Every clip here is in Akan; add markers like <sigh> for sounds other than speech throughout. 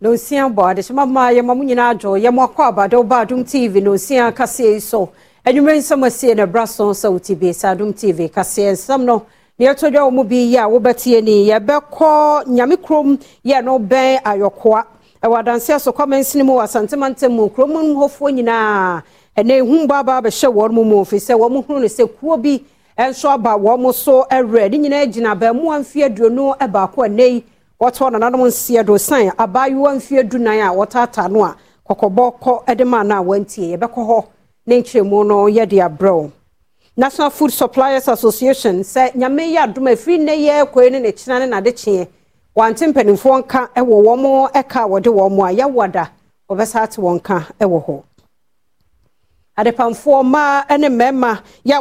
na osia bɔade so mama yɛma mo nyinaa adwo yɛma akɔ abadɔ ba adom tv na osia kaseɛ yi so anwummerɛ nsɛm asie na bra so sɛ wo tv sɛ adom tv kaseɛ nsɛm no na yɛtɔ dwa wɔ mu bi yi a wobɛteɛ ni yɛbɛkɔ nyame kurom yɛ no bɛn ayɔkoa ɛwɔ adanseɛ so kɔmɛnsene mu wɔ asantemantam mu kurom no hɔfoɔ nyinaa ɛnɛ ehu baaba abɛhyɛ wɔn mu mu ofiri sɛ wɔn hunu no sɛ kuo bi nso aba wɔn so ɛwerɛ ne nyinaa gyina bɛn mu amfi aduonu baako ɛnɛ yi na nananom nseɛ do san abaayewa mfeɛ dunan a wɔtaata no a kɔkɔbɔ kɔ de maa no a wantie yɛbɛkɔ hɔ ne nkyerɛmu no yɛde abrɛw national food suppliers association sɛ nyame yɛ adom a ɛfiri nnɛ yɛ koe ne ne kyena ne nade kyeɛ wante mpanimfoɔ nka wɔ wɔn ka a wɔde wɔn a yɛwada wɔbɛsa ate wɔn ka wɔ hɔ adepamfoɔ mmaa ne mmarima yɛ a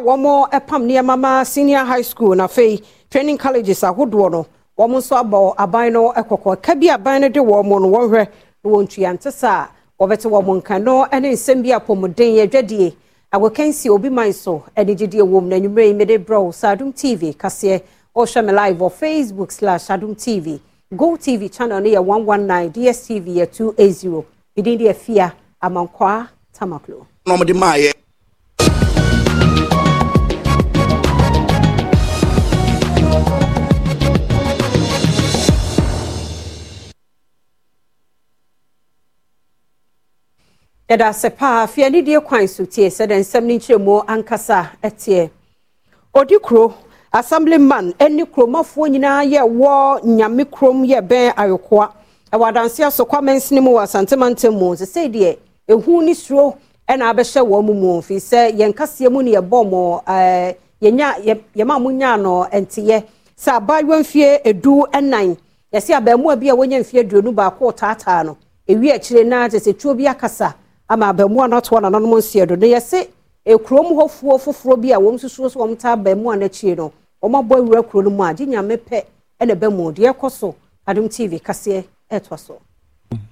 wɔn pam nneɛma ma senior high school na afei training colleges ahodoɔ no wɔn nso abɔ aban no kɔkɔ ka bi aban no de wɔn no wɔhwɛ na wɔn ntua nte saa wɔbɛte wɔn nka no ne nsɛm bi apɔmuden adwadie agokansi obi man so ne gyidie wɔ na nwummerɛ yi mede brɛ sɛ tv kaseɛ ɔrehwɛ me live wɔ facebook slash adom tv Go tv channel no yɛ 119 dstv yɛ 280 medin deɛ fia amankwa tamaklo na ɔmde maayɛ yɛda ase paa afei anidie kwan so tie sɛdeɛ nsɛm no nkyerɛmu ankasa teɛ ɔdi kuro assemblyman ne kuromafoɔ nyinaa yɛ wɔ nyame kurom yɛ bɛn ayokoa ɛwɔ adanseɛ so kwame nsene mu wɔ asantemantam mu sɛ sɛ deɛ ehu ne suro na abɛhyɛ wɔn mu mu firi sɛ yɛn kaseɛ mu ne yɛbɔ mo ɛɛ yɛnya yɛma mo nyaa no nteɛ sɛ abaayewa mfie edu nan yɛsi abɛɛmoa bi a wɔnyɛ mfie aduonu baako taataa no ewi akyire naa te sɛ tuo bi akasa ama abɛmoa no na nananom nseɛ do na yɛse kurom hɔ fuo foforɔ bi a wɔn susuo so wɔn ta abɛmoa no akyire no wɔn abɔ awura kuro no mu a gye nyame pɛ ɛna bɛmo deɛ ɛkɔ so adom tv kaseɛ ɛɛtoa so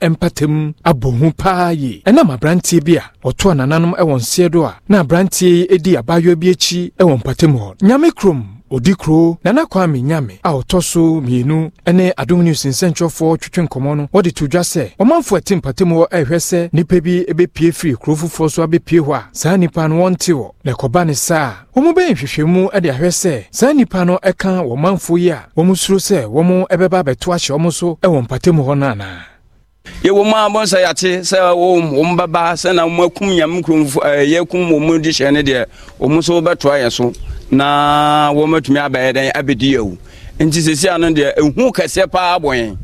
mpatam abɔ hu paa yie ɛnam aberanteɛ bi a ɔtoa nananom wɔ nseɛ do a na aberanteɛ yi di abaayewa bi akyi wɔ mpatam hɔ nyame kurom odi kuro nana kwame nyame a ɔtɔ so mmienu ne adom news nsɛnkyerɛfoɔ twetwe nkɔmmɔ no wɔde to dwa sɛ ɔmanfo ate mpatamu hɔ ɛrehwɛ sɛ nnipa bi bɛpie firi kuro foforɔ so abɛpie hɔ a saa nnipa no wɔnte wɔ na ɛkɔba ne saa a wɔn bɛyɛ nhwehwɛmu de ahwɛ sɛ saa nnipa no ɛka wɔn manfo yi a wɔn suro sɛ wɔn bɛba abɛto ahyɛ wɔn so wɔ mpatamu hɔ no anaa yɛwɔ mu a bɔnsa yɛate sɛ wɔm wɔm bɛba sɛ na wɔn akum nyame kurom ɛyɛ kum wɔn di hyɛn no deɛ wɔn nso bɛtoa yɛn so na wɔmatumi abɛyɛ dɛn abɛdi awu nti sɛsi ano deɛ ɛhu kɛseɛ paa bɔn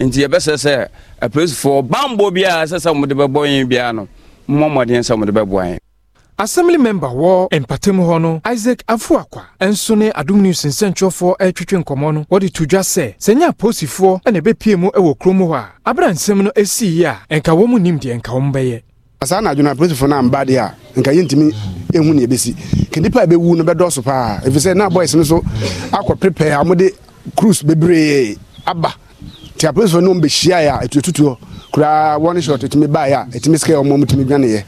nti yɛbɛsɛ sɛ apolisifoɔ bambɔ biara sɛ sɛ mode bɛbɔ yɛn biara no mmɔ mmɔden sɛ mode bɛboa yɛn assembly member wɔ mpatam hɔ no isaac afuakwa nso ne adom news nsɛntwerɛfoɔ retwetwe nkɔmmɔ no wɔde to dwa sɛ sɛ nyɛ apolisifoɔ na ɛbɛpie mu wɔ kurom hɔ a abera nsɛm no asii a nka wɔn mu nim deɛ ɛnka wɔn bɛyɛ saa na adwene apolisifoɔ no amba deɛ a nka yɛntumi ɛhu ne ɛbɛsi nka nnipa a bɛwu no bɛdɔɔso paa ɛfiri na boys no so akɔ prepare a mode cruise bebree aba nti apolisifoɔ no ɔmbɛhyiaeɛ a ɛtututuɔ koraa wɔne short ɛtumi baeɛ a ɛtumi sika ɔma mutumi dwaneeɛ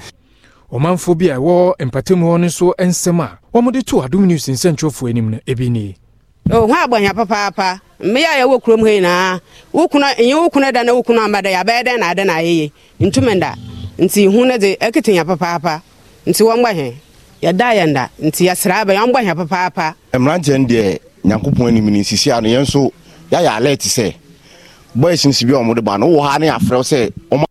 ɔmanfoɔ bi a ɛwɔ mpatamu hɔ no so nsɛm a wɔmode to adom news nsɛntwerɛfoɔ anim no ɛbi nie ho oh, abɔnya papaapa mmea a yɛwɔ kurom hɔ nyinaa wo kuna ɛnyɛ da na wo kuna amba da dɛn na adɛ na ayɛye ntum nda nti ihu no de ya papaapa nti wɔmgba hɛ yɛda yɛnda nti yɛsra bɛ yɛmgba hɛ papaapa mmeranteɛ no deɛ nyankopɔn anim no nsisia no yɛn nso yɛayɛ alert sɛ boys no si bi a ɔmode ba no wowɔ ha ne yɛafrɛ sɛ ɔma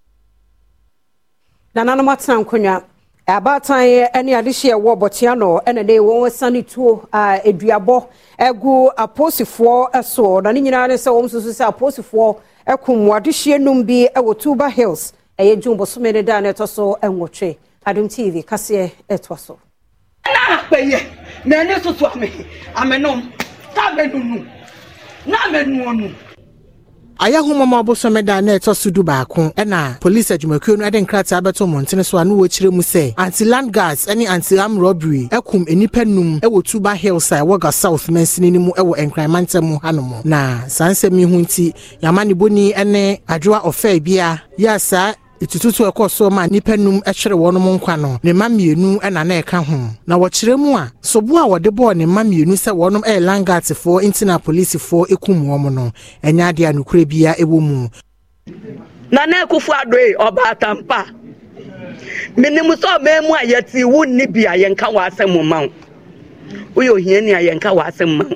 nananom atena nkonnwa abaatan ne adehye ɛwɔ bɔtea no ɛna ne wɔn sane tuo a aduabɔ gu aposifoɔ soɔ na ne nyinaa ne sɛ wɔn nso so sɛ aposifoɔ ɛkum adehye num bi wɔ tuba hills ɛyɛ june bosome no da no ɛtɔ so nwɔtwe adom tv kaseɛ ɛtoa so na apɛyɛ na ɛne soso ame amenom sa mɛnunu na mɛnuonu ayɛhomama ɔbosome da na ɛtɔ so du baako ɛna polisi adwumakuo no nkrataa mmɔntene so a mu sɛ anti-land gas ne anti robbery ɛkum nnipa num tuba hills a South mansini no mu mu hanom na saa nsɛm yi nti ne etututu ɛkɔɔ so ma nnipa num ɛkyerɛ wɔnom nkwa no ne mma mmienu ɛna na ɛka ho na wɔkyerɛ mu a sobo a wɔde bɔɔ ne mma mmienu sɛ wɔnom ɛyɛ langatefoɔ nti na polisifoɔ ekum wɔn no ɛnyɛ adeɛ a nokorɛ biara ɛwɔ mu nana ekufu adoe ɔba atampa menim sɛ ɔmaa mu a yɛte wo nni bi a yɛnka wɔ asɛm ma wo woyɛ ohiani a yɛnka wɔ ma wo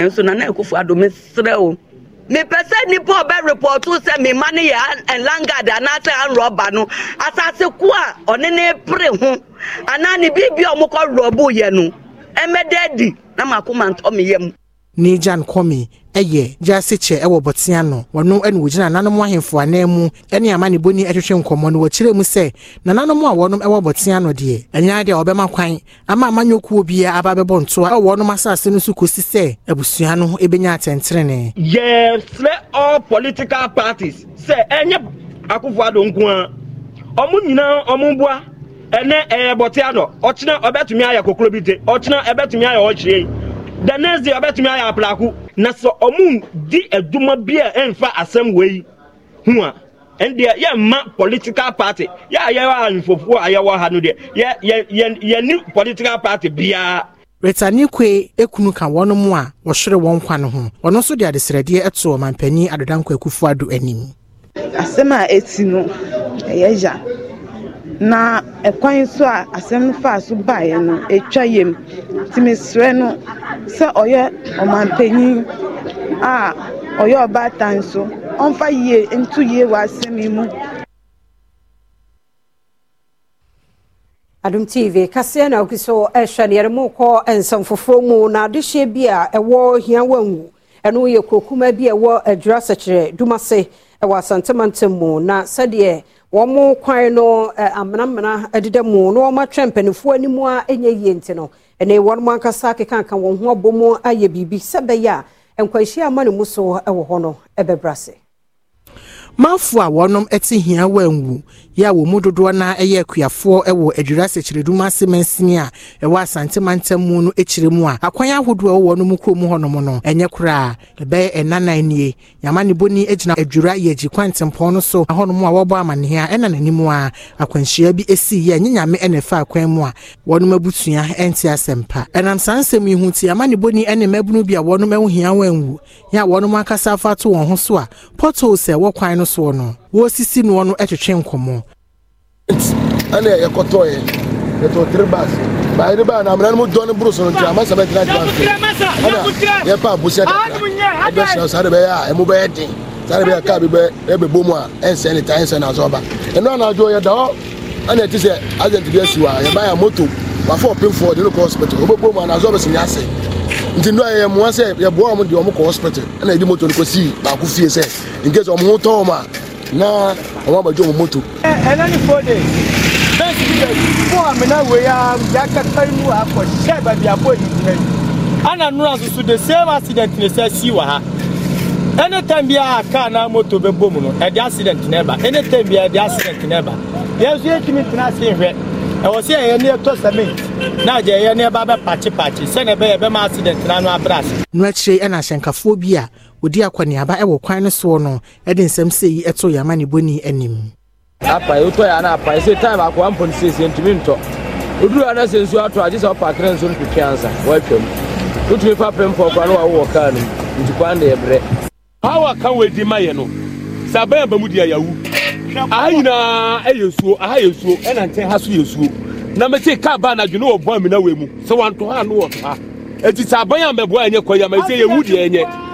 ɛnso nana ekufu ado mesrɛ o mepɛ sɛ nipa ɔbɛ repɔtu sɛ mema ne yɛ ɛlangard anaasɛ anrɔba no asase ko a ɔne ne pere ho anaa ne biribi a ɔmokɔ rɔbu yɛ no ɛmɛdɛ adi na maako ma ntɔ me yam. ne gyan kɔmi ɛyɛ gyaase kyɛ ɛwɔ bɔtea no wɔno ɛna wɔgyina nananom ahemfo anan mu ɛne amanebɔni ɛhwehwɛ nkɔmmɔ no wɔkyerɛɛ mu sɛ na nananom a wɔnom ɛwɔ bɔtea no deɛ ɛnyɛ deɛ wɔbɛma kwan ama amanyɔkuo bia aba bɛbɔ ntoa ɛwɔ wɔnom asase no so kɔsi sɛ abusua no ɛbɛnya atɛntenene yɛsrɛ all political parties sɛ ɛnyɛ akofo adɔ nko ɔmo nyinaa ɔmo boa ɛnɛ ɛyɛ bɔtea no ɔkyena ɔbɛtumi ayɛ kokoro bi te ɔkyena ɛbɛtumi the next day ɔbɛtumi ayɛ apraako na sɛ ɔmo di adwuma bi a ɛnfa asɛm wei ho a ɛndeɛ yɛmma political party yɛ a yɛwɔ ahemfofoɔ a yɛwɔ ha no deɛ yɛni political party biara retani kwe ekunu ka wɔn mu a wɔhwere wɔn kwa no ho wɔn nso de adesrɛdeɛ ɛto ɔmanpanin adodankwa akufo anim asɛm a ɛti no ɛyɛ gya na ɛkwan so a asɛm no faa so baeɛ no ɛtwa yam nti mesrɛ no sɛ ɔyɛ ɔmanpanyin a ɔyɛ ɔbaatan so ɔmfa yie nto yie wɔ asɛm yi mu adom tv kaseɛ na woki so ɛhwɛ no yɛde mokɔ nsɛm foforɔ mu na adehyeɛ bi a ɛwɔ hia wangu ɛno yɛ kurokuma bi a ɛwɔ adwira sɛkyerɛ dum se. wɔ asantemantam mu na sɛdeɛ wɔn kwan no amenamena deda mu na wɔn atwɛn mpanimfoɔ anim a ɛnyɛ yie nti no ɛnna wɔn ankasa kekanka wɔn ho abɔ mu ayɛ biribi sɛbɛyɛ a nkwanhyia ama ne mu so wɔ hɔ no bɛbrɛ mafo a wɔnom te hia wɔn anwu yɛ a wɔn mu dodoɔ no yɛ akuafoɔ wɔ adwira sɛkyiredum ase mansini a ɛwɔ asantemantam mu no akyire mu a akwan ahodoɔ ɛwɔ wɔn mu kurom hɔnom no ɛnyɛ koraa ɛbɛyɛ ɛnanan nie yamani boni gyina adwira yɛgyi kwantempɔn no so ahɔnom a wɔbɔ amanneɛ a ɛna n'anim a akwanhyia bi si yɛ nye nyame na ɛfa akwan mu a wɔnom abusua nte asɛm ɛnam saa nsɛm yi ho nti yamani boni ne mmabunu bi a wɔnom ho hia wɔn anwu yɛ a wɔnom akasa afa to wɔn ho so a potholes a ɛwɔ kwan no soɔ no wɔresisi noɔ no twetwe nkɔmmɔ ɛne yɛkɔtɔɔɛ yɛtɔ tiri baas baa yɛde baa na amena no mu dɔ ne buru so no nti ama sɛbɛ gyina gyina nfe ɛna yɛpa abusua kakra ɛbɛhyerɛ saa de bɛyɛ a ɛmu bɛyɛ den saa de bɛyɛ kaa bi bɛ ɛbɛbɔ mu a ɛnsɛ ne ta ɛnsɛ n'asɔ ba ɛno anadwo yɛda hɔ ɛna ɛte sɛ agent bi asi wa yɛba yɛ moto wafa ɔpemfoɔ de no kɔ hospital ɔbɛbɔ mu anasɔ bɛsi ne ase nti ndo yɛ mua sɛ yɛboa wɔn de wɔn kɔ hospital ɛna yɛde moto no kɔ sii baako fie sɛ in case wɔn ho tɔn a na ɔmo abadwo ɔmo moto. ɛnɛ ni four days bɛnsi bi bɛ fún amina wei a yakata inu akɔ hyɛ baabi abo yi gyina yi ana nura soso the same accident na ɛsɛ si wɔ ha anytime bi a kaa na moto bɛ bɔ mu no ɛde accident na ɛba anytime bi a ɛde accident na ɛba yɛn nso yɛtumi tena ase nhwɛ ɛwɔ sɛ ɛyɛ ne ɛtɔ sɛmint na agye ɛyɛ ne ɛba bɛ pakyepakye sɛnɛ ɛbɛyɛ ɛbɛma accident na ano abrɛ ase. nua kyerɛ ɛna ahyɛnkafoɔ bi a wɔdi akɔneaba wɔ kwan no soɔ no de nsɛm sei yi to yɛama bɔni anim apae wotɔ yɛ ana apae sɛ time akoa mpɔ no siesie ntumi ntɔ woduru ana sɛ nsuo atɔ agye sɛ wopa kra nsuo no twetwe ansa woatwam wotumi fa pɛ mpɔ kwa no wawowɔ kaa no nti kwan deɛ brɛ power ka wɔadi ma yɛ no sɛ abɛn aba mu di ayawu aha nyinaa ɛyɛ suo aha yɛ suo ɛna nkyɛn ha so yɛ suo na mɛte kaa baa na adwene wɔ bɔn mi wɔ mu sɛ wantɔ ha no wɔ ha eti sɛ abɛn a mɛboa ɛnyɛ kɔ yi a yɛwu deɛ ɛnyɛ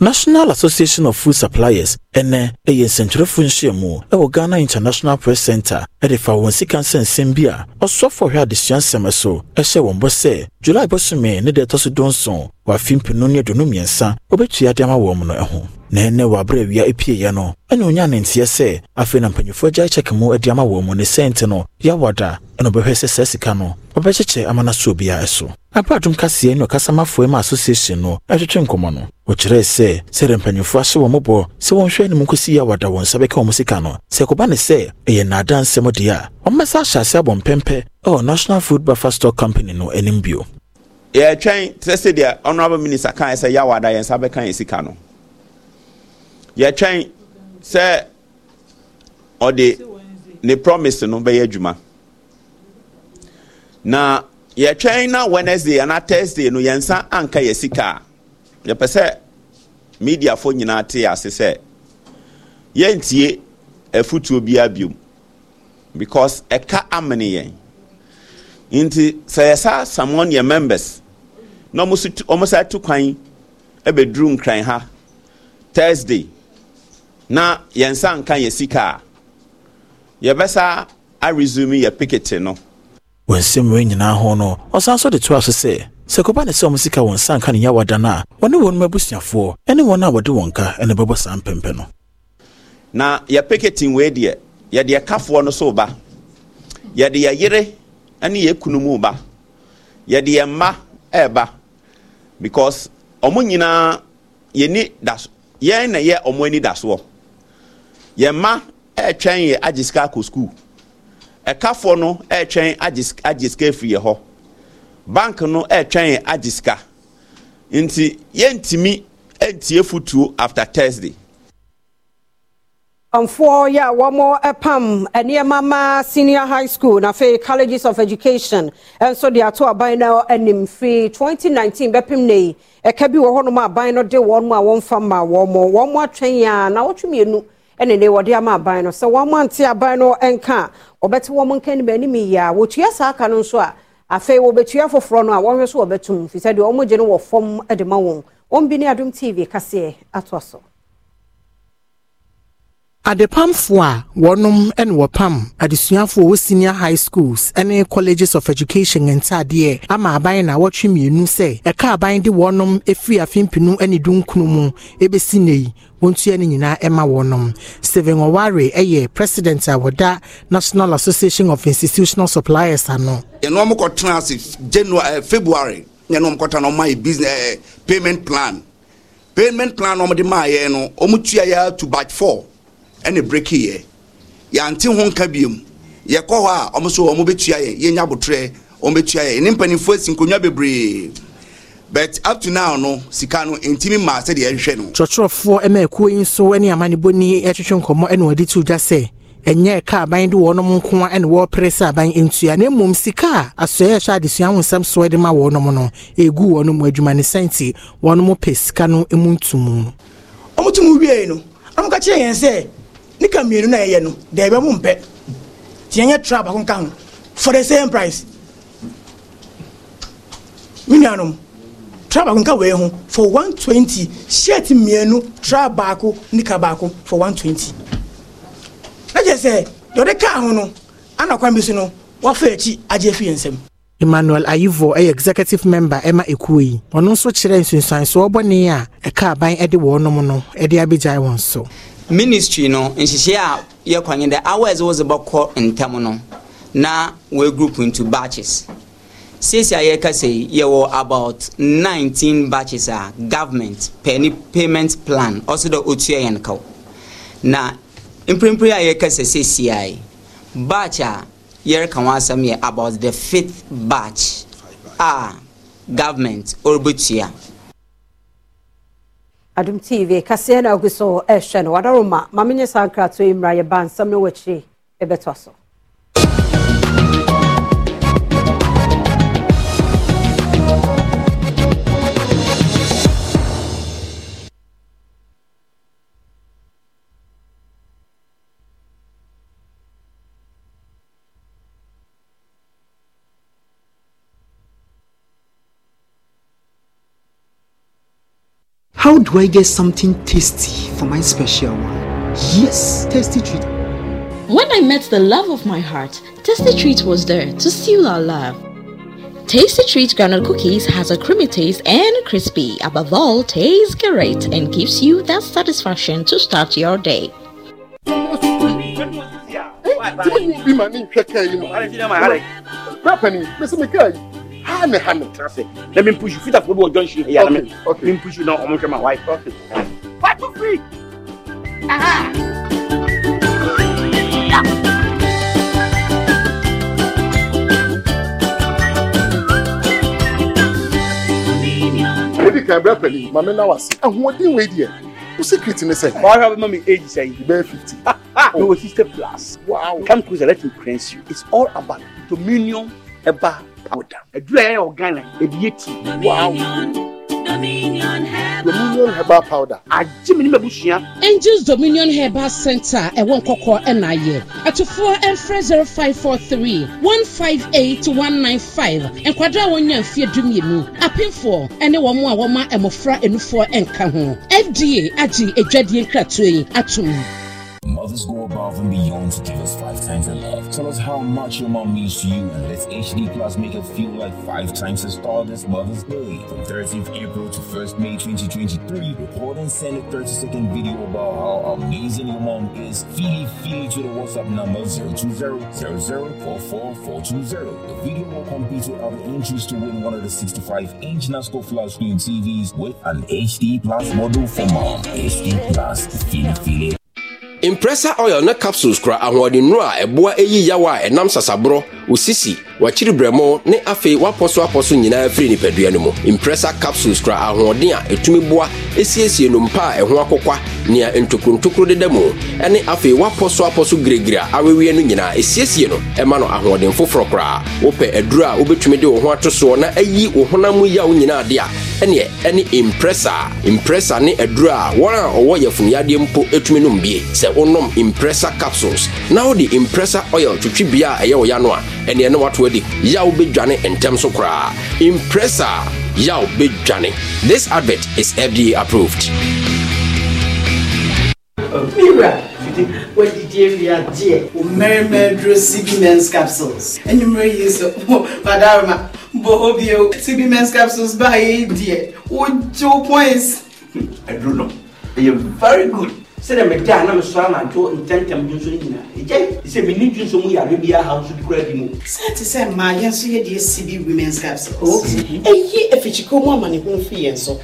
national association of food suppliers ɛnɛ ɛyɛ nsɛntwerɛfo nhyiamu ɛwɔ ghana international press center ɛde fa wɔn sika nsɛnsɛm bi a ɔsɔfo ɔhwɛ adesua nsɛm so ɛhyɛ wɔn bɔ sɛ july bɔsome ne deɛ ɛtɔ so donson wɔ afe mpenu ne aduonu mmiɛnsa wɔbɛtua de ama wɔn no ɛho na ɛnɛ wɔ aberɛ awia apieeɛ no ɛne onya ne nteɛ sɛ afei na mpanyimfoɔ agyae kyɛke mu adi ama wɔn mu ne sɛnte no Yawada ɛna ɔbɛhwɛ sɛ saa sika no ɔbɛkyekyɛ ama no so obiara ɛso abaadom kaseɛ ne ɔkasamafoɔ ma association no ɛtwetwe nkɔmmɔ no wɔkyerɛɛ sɛ sɛdeɛ mpanyimfoɔ ahyɛ wɔn mmɔbɔ sɛ wɔnhwɛ anim nkɔsi yɛawada wɔn nsa bɛka wɔn sika no sɛ ɛkɔba ne sɛ ɛyɛ nnaadaa deɛ a ɔmmɛsa ahyɛ ase abɔ mpɛmpɛ ɛwɔ national food buffer stock company no anim bio yɛtwɛn sɛ sɛdeɛ honorable minister kae sɛ yawada yɛn nsa bɛka yɛn sika no yɛtwɛn sɛ ɔde ne promise no bɛyɛ adwuma na yɛtwɛn na wednesday ana thursday no yɛnsa anka yɛ sika a yɛpɛ sɛ mediafoɔ nyinaa te ase sɛ yɛntie afutuo biara biom because ɛka amene yɛn nti sɛ yɛsa samon yɛ members na ɔmo sa to kwan ɛbɛduru nkran ha thursday na yɛn nsa nka yɛ sika a yɛbɛsa aresume yɛ pikiti no wɔn nsɛm nyinaa ho no ɔsan so de toa aso sɛ sɛ kɔba ne sɛ sika wɔn nsa nka ne a wɔne wɔn abusuafoɔ ne wɔn a wɔde wɔn ka na bɛbɔ saa mpɛmpɛ no na yɛ pikiti wei deɛ yɛde ɛkafoɔ no so ba yɛde yɛ yere ne yɛ kunu mu ba yɛde mma na yɛ yɛn mma ɛretwɛn yɛ agye sika akɔ sukuu ɛkafoɔ no ɛretwɛn agye sika efiri yɛ hɔ bank no ɛretwɛn yɛ agye sika nti yɛntumi ɛntie futuo after thursday. Mfoɔ yi a wɔn pam nneɛma ma senior high school na afei colleges of education nso de ato aban no anim firi 2019 bɛpem na yi ɛka bi wɔ hɔnom aban no de wɔn mu a wɔn fa ma wɔn wɔn atwɛn a na wɔtwe mmienu. ɛne ne wɔde ama aban no sɛ wɔn ante aban no nka ɔbɛte wɔn nka ne bɛni mi yia wɔtua saa aka no nso a afei wɔbɛtua foforɔ no a wɔn nso wɔbɛtum fi sɛ deɛ wɔn gye no wɔ fam de ma wɔn wɔn bi ne adum tv kaseɛ ato so adepamfoɔ a wɔnom ne wɔpam adesuafoɔ wɔ senior high schools ne colleges of education ntadeɛ ama aban na wɔtwe mmienu sɛ ɛka aban de wɔnom afiri afempinu ne dunkunu mu ebesi na yi wɔntua no nyinaa ɛma wɔnom steven oware yɛ president a wɔda national association of institutional suppliers ano. yɛn wɔn kɔtena ase january eh, february yɛn wɔn kɔtena na wɔn ayɛ business eh, payment plan payment plan na wɔn de maa yɛn no wɔn tua yɛ to batch four ɛna breki yɛ yɛante ho nka biem yɛkɔ hɔ a wɔn so wɔn bɛtua yɛ yɛnya abotrɛ wɔn bɛtua yɛ ne mpanimfoɔ asi nkonnwa bebree but up to now no sika no ntumi maa sɛdeɛ ɛhwehwɛ no. kyerɛkyerɛfoɔ ɛmɛ ekuo yi nso ɛne amanibɔni ɛtwitwi nkɔmɔ ɛna wɔde tu gya sɛ ɛnyɛ ɛka aban de wɔn nko a ɛna wɔrepere sɛ aban ntua na mmom sika a asɔe ɛhyɛ adesua ahosɛm soɔ de ma wɔn no egu wɔn mu adwuma ne sɛnti wɔn pɛ sika no mu ntumu. wɔn tun mu wie no wɔn ka yɛn sɛ nika mmienu na yɛyɛ no deɛ ɛbɛmu mpɛ nti yɛnyɛ tra baako nka ho for the same price me nuanom tra baako nka wei ho for 120 shirt mmienu tra baako nika baako for 120 na kyerɛ sɛ deɛ ɔde kaa ho no ana kwan bi so no wafa akyi agye afi yɛ nsɛm emmanuel ayivo yɛ executive member ɛma ekuo yi ɔno nso kyerɛ nsunsuansoɔ bɔne a ɛka aban de wɔn nom no de abegyae wɔn so ministry no nhyehyɛ a yɛkwanyi dɛ hours wɔdze bɛkɔ ntɛm no na wɔn group into batches sisi a yɛka sɛ yɛwɔ about 19 batches a government pɛni payment plan ɔsɛ dɛ otua yɛn kaw na mprimpri a yɛka sɛ sisi a yi batch a yɛreka wɔn asɛm yɛ about the fifth batch a government ɔrebɛtua. adum tv kaseɛ na agu so ɛrehwɛ no wadaroma ma menyɛ saa nkrato yi How do I get something tasty for my special one? Yes, tasty treat. When I met the love of my heart, Tasty Treat was there to seal our love. Tasty Treat granola cookies has a creamy taste and crispy. Above all, tastes great and gives you that satisfaction to start your day. me ha ne ha ne tena se na me mpusu fitafoɔ bi wɔ junction ha yɛ na me me mpusu na ɔmo hwɛ ma wae fatu free aha. wodi kan brɛ pɛni maame na wase ahoɔden wei deɛ wo secret ne sɛ ɔhwɛ bɛma me age sɛ bɛɛ 50 no sister, plus wow come closer let me cleanse you it's all about dominion about powder adura yɛn yɛ organic ebi wow. Dominion herbal powder. Agye mi ni ma busua. Angels Dominion herbal center ɛwɔ nkɔkɔ ɛna ayɛ. Atufoɔ ɛnfrɛ zero five four three one five eight one nine five. Nkwadaa a wɔnya mfie dumienu. Apinfoɔ ɛne wɔn a wɔma mmɔfra enufoɔ ɛnka ho. FDA agye adwadie nkratoɔ yi atum. Mother's above and beyond to give us five times the love. Tell us how much your mom means to you, and let's HD Plus make it feel like five times the star this Mother's Day. From 13th April to 1st May 2023, record and send a 30 second video about how amazing your mom is. Feely, feely to the WhatsApp number 020 The video will compete with other entries to win one of the 65 inch NASCO flat screen TVs with an HD Plus model for mom. HD Plus, feely, feely. impressor oil ne capsules kura ahoɔden nnuro a ɛboa eyi yawa a ɛnam sasaborɔ osisi wakyiri brɛmo ne afei wapɔ so apɔ so nyinaa firi nipadua no mu impressor capsules kora ahoɔden a ɛtumi boa ɛsiesie no mpa a ɛho akokwa nea ntokrontokro deda mu ɛne afei wapɔ so apɔ so giregire a awewie no nyinaa ɛsiesie no ɛma no ahoɔden foforɔ koraa wopɛ aduro a wobɛtumi de wo ho ato soɔ na ayi wo honam yaw nyinaa de a ɛneɛ ɛne impressor impressor ne aduro a wɔn a ɔwɔ yɛfunuyadeɛ mpo ɛtumi nom bie sɛ wonom impressor capsules na wode impressor oil twitwi bea a ɛyɛ wo ya no a ɛneɛ ne watoa Oluwadi, Yao Bejani and Temso Kra. Impressor, Yao Bejani. This advert is FDA approved. Mira, what did you have dear? Oh, Mary Medro CB capsules. And you may use oh, Madame Bohobio CB capsules by dear. Oh, two points. <laughs> I don't know. you are very good. sɛdeɛ mede a na mesɔ anadwo ntɛntɛm dwo nso no nyinaa ɛgyae sɛ menni dwo nso mu yare biaa haw so dikora bi mu sɛ te sɛ mmaa yɛn nso yɛde asi bi womens capsules ɛyi oh. afikyikɔ mu amane ho mfi yɛn so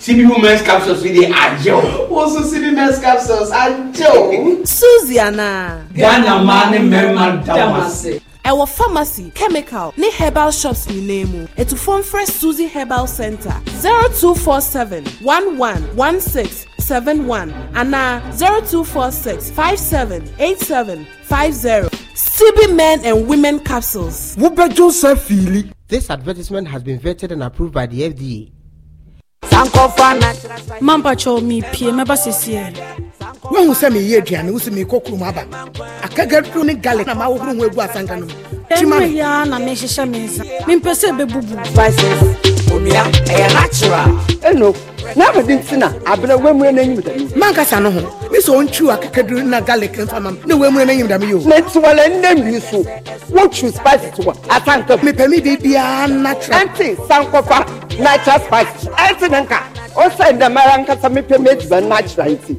CB Women's Capsules with the Ajo. Also CB Men's Capsules, Ajo. Susiana. Ghana Mani Merman Damase. ɛwɔ pharmacy chemical ni herbal shops ni nyinaa Etu phone mfrɛ suzy herbal center 0247 1116 Seven seven one, zero two four six five eight seven five zero. CB Men and Women Capsules. Wúbẹ́jọ́ Sẹ́fìlì. This advertisement has been vetted and approved by the FDA. mampakyɛw mepie mɛba sesie woahu sɛ meyɛ aduane wo sɛ meekɔ kurom aba akaga duro ne garlic na mawohoro ho agu asanka no ɛnoyɛa na mehyehyɛ me nsa mempɛ sɛ bɛbubu ɛno na abɛde nti na abrɛ wammura no anyim dame mankasa no ho me sɛ ɔntwiw akakaduru na garlic mfa ma m na wammura no anyim dame yɛ o na ntiwala nna nwi so wotwiw spices wɔ asanka mepɛ me biribiaa natural ɛnte sankɔfa natural spices ɛnte ne nka ɔsɛ dɛm ara nkasa mepɛ me aduba natural nti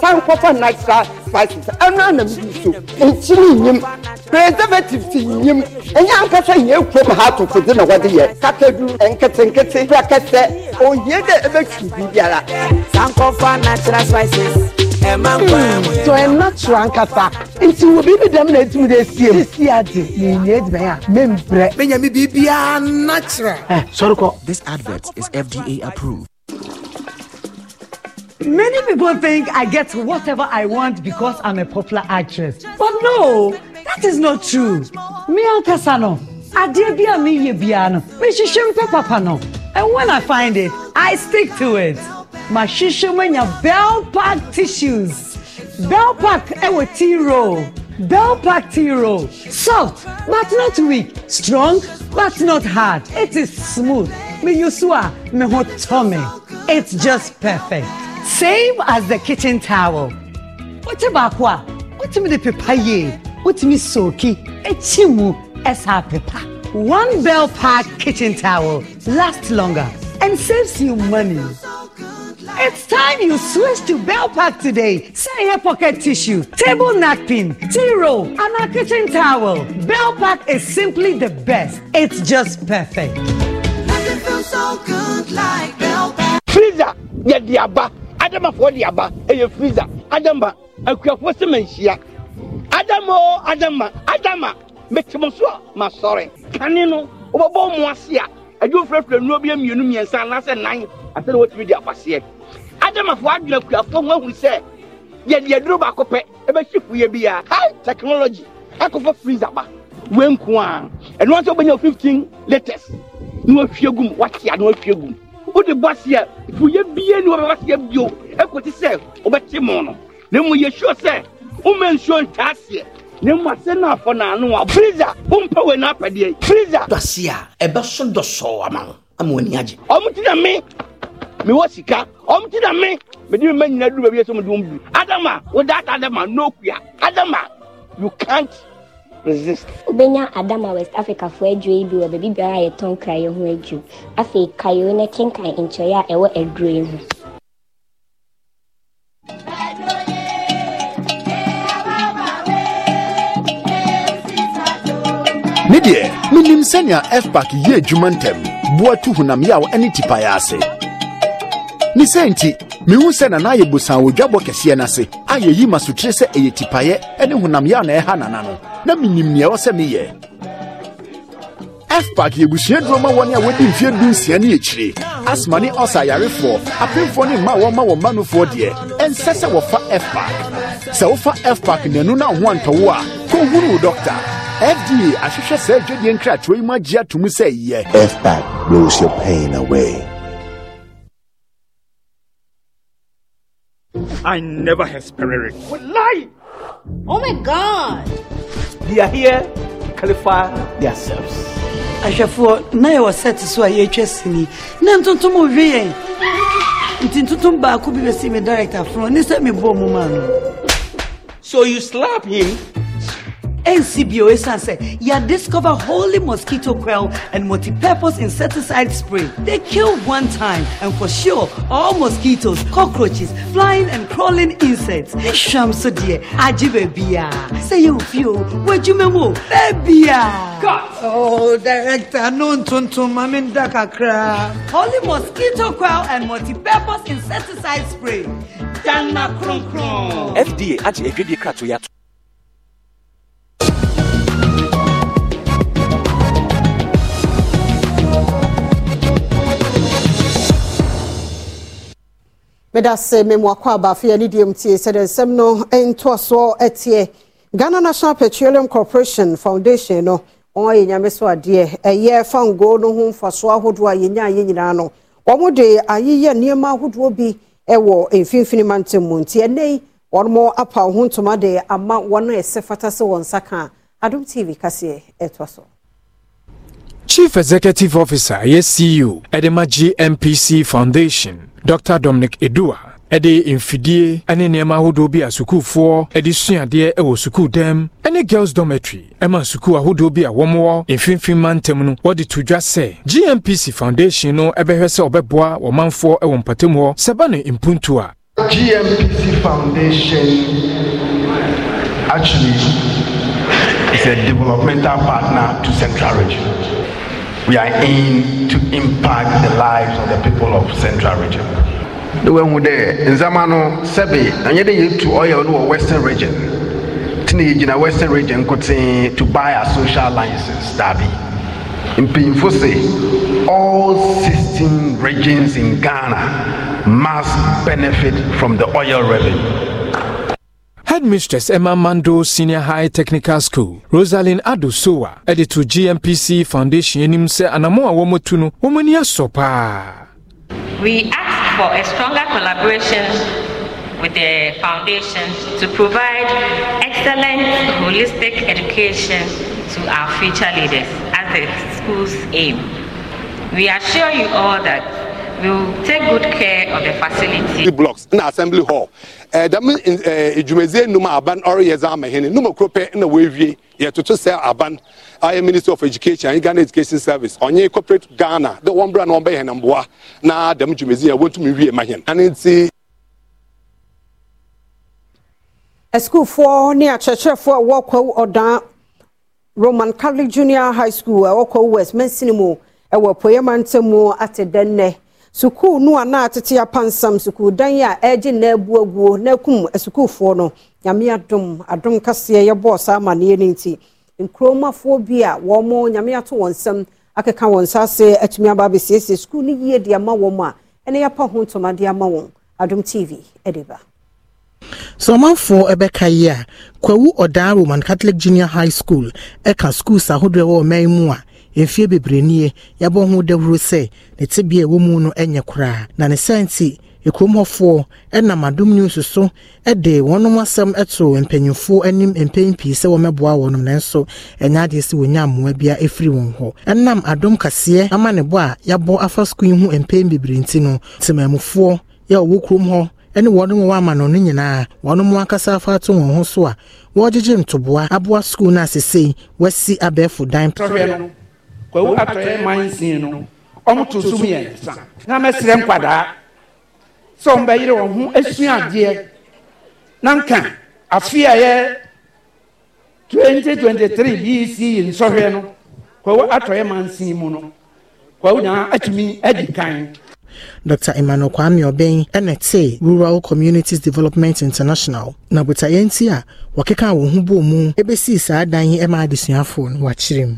sankɔfa natural spices ɛno ana medi so nkyiri nyim preservative ti nyim ɛnyɛ ankasa yɛ kurom ha atofode na wɔde yɛ kakaduru nketenkete prakɛsɛ ohie dɛ ɛbɛtwi biribiara saa natural spices ɛma nkwa hmm, mu yɛ tɔ ɛ natural nkasa nti wo biribi dɛm na etum de esie mu sisi adi na enye edumɛ a mɛ mbrɛ mɛ nyame biribiara natural. ɛ sɔri kɔ. this advert is fda approved. Many people think I get whatever I want because I'm a popular actress. But no, that is not true. Me and Kasano, be a me ye Biano, me Shishim no. And when I find it, I stick to it. My Mashisho menya Bell Pack tissues. Bell Pack ewe tea roll. Bell Pack tea roll. Soft, but not weak. Strong, but not hard. It is smooth. Me yusua, me tummy. It's just perfect. Same as the kitchen towel. What about what? What me the papaye? What me soaky? Echimu, esa pepa. One Bell Park kitchen towel lasts longer and saves you money. It's time you switch to Bell Pack today. Say your pocket tissue, table napkin, tea roll, and a kitchen towel. Bell Pack is simply the best. It's just perfect. Nothing feels so good like Bell Pack. Freezer, yeah, diaba. Adam for diaba, a freezer. Adamba, a crop oh, was a Adamo, Adama, Adama. mɛtɛm so a masɔre kane no wobɛbɔ mu ase a adwo firafira nnuro bi mmienu mmiɛnsa anaasɛ nan asɛ na wɔtumi di akwaseɛ adamafoɔ adwena kuafoɔ ho ahunu sɛ yɛde aduro baako pɛ ɛbɛhye fuiɛ bia hi technology akɔfɔ freezer ba wenku a ɛno nso wobɛnya 15 latest na wahwie gu mu watea na wahwie gu mu wode bɔ aseɛ fuiɛ bia ne wɔbɛbɔ aseɛ bio ɛkɔte sɛ wobɛte mo no na mmom yɛsuo sɛ woma nsuo ntaa aseɛ ne mu ase na afɔ n'ano wa freezer bumpɛ wɔ na apɛdeɛ yi freezer. dɔsi a ɛbɛ so dɔsɔɔ ama ho ama wɔn ani agye. ɔmo ti na mi mi wɔ sika ɔmo ti na mi mi di mi ma nyina duru baabi yɛ sɛ mo di mo bi adama o da ata adama n'okuya adama you can't resist. wobɛnya adama west africa fo adwuro yi bi wɔ baabi biara yɛtɔn kra yɛ ho adwuro afei kayo ne kenkan nkyɛe a ɛwɔ aduro yi ho. ne deɛ menim sɛnea fpak yɛ adwuma ntɛm boa tu honam yaw ne tipaeɛ ase ne sɛ nti mehu sɛ nana ayɛ bosan wɔ dwabɔ kɛseɛ no ase a yɛyi ma sokyere sɛ ɛyɛ tipaeɛ ne honam yaw na ɛha nana no na menim nea ɛwɔ sɛ meyɛ fpak yɛbusua duro ma wɔne a wɔdi mfeɛ dunsia ne yɛkyire asma ne ɔsa ayarefoɔ apemfoɔ ne mmaa wɔma wɔ mma nofoɔ deɛ ɛnsɛ sɛ wɔfa fpak sɛ wofa fpak nanu na wo ho antɔwo a kɔhunu wo dɔkta FDA ahwehwɛ sɛ adwadeɛ nkratoɔ yi mu agye atom sɛ yɛ. FPAC blows your pain away. I never had spirit. What lie? Oh my God! They are here to clarify themselves. ahwɛfoɔ na yɛwɔ set so a yɛatwa sini na ntontom ɔhwe yɛn nti ntontom baako bi bɛsi me director fono ne sɛ mebɔɔ mu maa no so you slap him NCBO Esanse, "You discover holy mosquito coil and multi-purpose insecticide spray. They kill one time and for sure all mosquitoes, cockroaches, flying and crawling insects. Shamso dear, Ajibebia. Say you feel, where you memo, bebia. Cut. Oh, director, no tuntum, mamin daka kra. Holy mosquito coil and multi-purpose insecticide spray. Dana kron kron. FDA, aji ekwe di krato meda se memmoakɔ abaafo yɛ ne deɛ mtie sɛde nsɛm no ntoasoɔ teɛ ghana national petroleum corporation foundation no wɔn ayɛ nyame so adeɛ ɛyɛ e fangoo no ho mfasoɔ ahodoɔ a yɛnya ayɛ nyinaa no wɔn de ayeyɛ nneɛma ahodoɔ bi wɔ mfimfini mantam mu nti ɛnɛ yi wɔn apa ho ntoma de ama wɔn a ɛsɛ fata sɛ wɔn nsa ka adum tv kaseɛ ɛtoa chief executive officer ɛyɛ ceo ɛde MPC foundation dr dominic edua ɛde mfidie ne nneɛma ahodoɔ bi a sukuufoɔ de suadeɛ wɔ sukuu dɛm ne girls dormitory ma sukuu ahodoɔ bi a wɔmwɔ mfimfin mantam no wɔde to dwa sɛ gmpc foundation no ɛbɛhwɛ sɛ ɔbɛboa wɔmanfoɔ wɔ mpatam hɔ sɛ ba mpuntu a gmpc foundation actually is a developmental partner to central region we are in to impact the lives of the people of central region. ne wahu dɛ nzama no sɛbe ɛnyɛ dɛ yɛtu oil no western region nti na yɛgyina western region nkotee to buy our social license daabi mpanyimfo se all sixteen regions in ghana must benefit from the oil revenue headmistress emma mando senior high technical school rosalind adosowa Editor, gmpc foundation anim sɛ anamɔ a wɔmatu no wɔn ani asɔ paa. we ask for a stronger collaboration with the foundation to provide excellent holistic education to our future leaders as the school's aim. We assure you all that we take good care of the facility. blocks na assembly hall ɛdɛm edwumadie nnum a aban ɔreyɛ dza ama hene nnum okoro pɛ na woewie yɛtoto sɛ aban ayɛ minister of education anyi ghana education service ɔnye corporate ghana de wɔn bra na wɔn bɛyɛ hɛn mboa na dɛm dwumadie yɛ wɔntumi wie ma hɛn ɛne nti. asukuufoɔ ne akyerɛkyerɛfoɔ a wɔkɔ ɔdan roman catholic junior high school a wɔkɔ west mansini mu ɛwɔ poyɛma ntam mu ate dɛ sukuu no a na atete apansam sukuu dan a ɛregye na abu aguo na akum sukuufoɔ no nyame adom adom kaseɛ yɛbɔɔ saa amanneɛ no nti nkuromafoɔ bi a wɔn nyame ato wɔn nsam akeka wɔn nsa ase atumi aba abɛsiesie sukuu no yie de ama wɔn a ɛne yɛapa ho ntoma de ama wɔn adom tv ɛde ba sɛ ɔmanfoɔ ɛbɛka yi a kwawu ɔdaa roman catholic junior high school ɛka schools ahodoɔ ɛwɔ ɔman mu a mfie bebree nie yɛabɔ ho dawuro sɛ ne tebea ɛwɔ mu no nyɛ koraa na ne sa nti ekurom hɔfoɔ nam adom news so de wɔnom asɛm to mpanyimfoɔ anim mpɛn pii sɛ wɔmɛboa wɔnom nanso ɛnyɛ adeɛ sɛ wɔnya mmoa bia ɛfiri wɔn hɔ ɛnam adom kaseɛ ama ne bɔ a yɛabɔ afa sukuu yi ho mpɛn bebree nti no temamufoɔ yɛ ɔwɔ kurom hɔ ne wɔnom wɔ ama no no nyinaa wɔnom ankasa afa ato wɔn ho so a wɔgyegye ntoboa aboa sukuu no asesei wɔasi abɛɛfo dan kwawu atɔyɛ mansin no wɔn to so mu yɛ nsa na mɛsrɛ nkwadaa sɛ wɔn bɛyere wɔn ho esua adeɛ na nka afi a yɛ twenty twenty three bc nsɔhwɛ no kwawu atɔyɛ mansin mu no kwawu nyinaa atumi adi Dr. Emmanuel Kwame Rural Communities Development International na butaye nti a wɔkeka ho bɔɔ mu saa dan ma adesuafoɔ no wakyerɛ mu.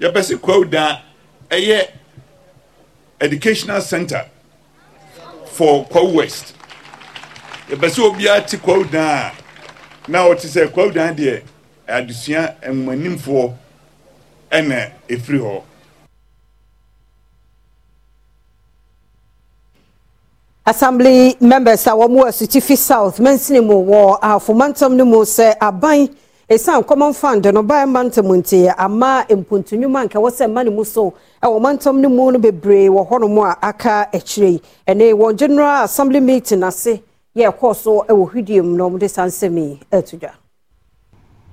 yɛpɛ sɛ kwawda ɛyɛ educational center for kwawu west yɛpɛ sɛ obiara te kwawda a na ɔte sɛ kwawda deɛ adesua nwumanimfoɔ ɛna ɛfiri hɔ assembly members a wɔn wɔ asutifi south mɛnsini mu wɔ afomantam no mu sɛ aban ɛsiane common fund no baa mma ntam nti ama mpontunwuma nka wɔ sɛ mma ne mu so ɛwɔ mantam no mu no bebree wɔ hɔnom a aka akyire yi ɛne wɔn general assembly meeting ase yɛ ɛkɔɔ so ɛwɔ hwidie mu na wɔde saa nsɛm yi ato dwa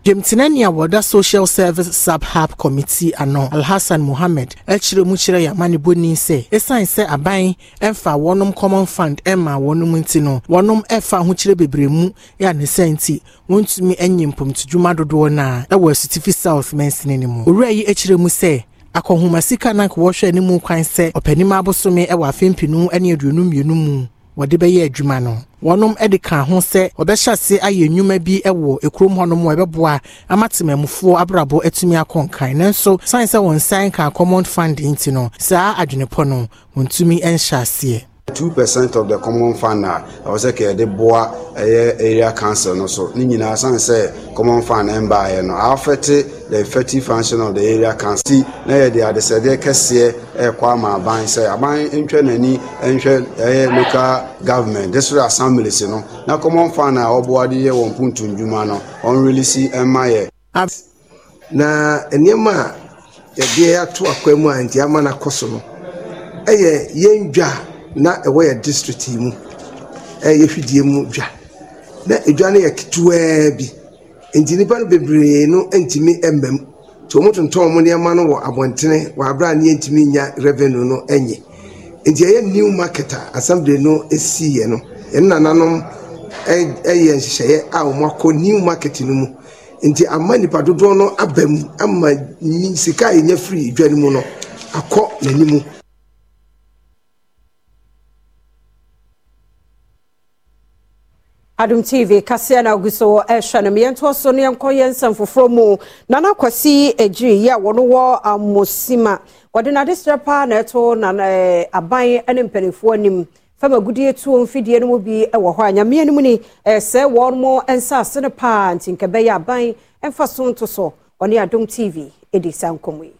dwemtena nea wɔda social service sub-hub committee ano alhassan mohammed akyerɛ mu kyerɛ yamanebɔni sɛ ɛsiane sɛ aban ɛmfa wɔnom common fund ɛma wɔnom nti no wɔnom ɛfa ahokyerɛ bebree mu yɛ ne sɛ nti wɔntumi ɛnye mpɔmtodwuma dodoɔ no a ɛwɔ asutifi south mansini no mu owura yi akyerɛ mu sɛ akɔnhomasika nank wɔhwɛ anim kwan sɛ ɔpanim abosome ɛwɔ afempinum ne aduonu mmienu mu wɔde bɛyɛ adwuma no wɔnom de ka ho sɛ wɔbɛhyɛ ase ayɛ nnwuma bi wɔ kurom hɔnom a ɛbɛboa ama temamufoɔ abrabɔ atumi akɔ nkan nanso sane sɛ wɔn nsan ka common fund nti no saa adwenepɔ no wɔntumi nhyɛ aseɛ two percent of the common fund a ɛwɔ sɛ ka yɛde boa ɛyɛ area council no so ne nyinaa san sɛ common fund mbaayɛ no afɛte the effective function of the area council ti na yɛde adesɛdeɛ kɛseɛ ɛɛkɔ e ama aban sɛ aban ntwɛ n'ani nhwɛ ɛyɛ local government district assemblies no na common fund a ɔboa de yɛ wɔn puntu ndwuma no ɔnrelisi ɛma yɛ. na nneɛma a yɛde ato akwa mu a nti ama no akɔ so no ɛyɛ yɛn dwa na ɛwɔ yɛ district yi mu ɛyɛ hwidie mu dwa na edwa no yɛ ketewaa bi nti nipa no bebree no ntumi mma mu nti wɔn tontɔn wɔn nneɛma no wɔ abɔntene wɔ abira ne ntumi nya revenue no nyɛ nti ɛyɛ new market a assembly no esi yɛ no ɛne nananom ɛyɛ nhyehyɛeɛ a wɔn akɔ new market no mu nti ama nipa dodoɔ no aba mu ama sika a yɛnya firi edwa no mu no akɔ n'anim. adom tv kaseɛ na agu so ɛhwɛ eh, no meyɛntoɔ so no yɛnkɔ yɛ nsɛm foforɔ mu nana kwasi agyiri yi a wɔno wɔ amosima wɔde n'adeserɛ paa na ɛto na eh, aban ne mpanimfoɔ anim fam agudie tuo mfidie no mu bi wɔ hɔ a nyameɛ no mu ni eh, sɛ wɔn mo nsa ase no paa nti nkɛbɛyɛ aban mfa so nto so ɔne adom tv ɛdi sa nkɔmmɔ yi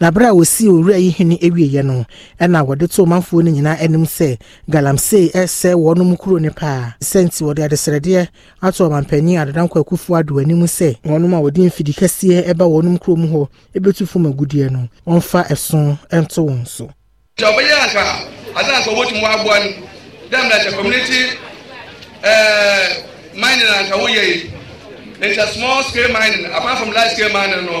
na bere a wosi owura yi hene awieɛ no ɛna wɔde to ɔmanfoɔ no nyinaa anim sɛ galamsey ɛsɛ wɔnom kuro ne paa sɛnti wɔde adesrɛdeɛ ato ɔmanpanyin adedankɔ akufoɔ ado anim sɛ wɔnom a wɔde mfidi kɛseɛ ɛba wɔnom kuro mu hɔ ɛbɛtu fam agudeɛ no wɔmfa ɛso ɛnto wɔn so sɛ ɔbɛyɛ asa asansa wɔbɛtumi wɔaboa no dɛm na sɛ community eh, mining ansa woyɛ yi it's a small scale mining apart from large scale mining no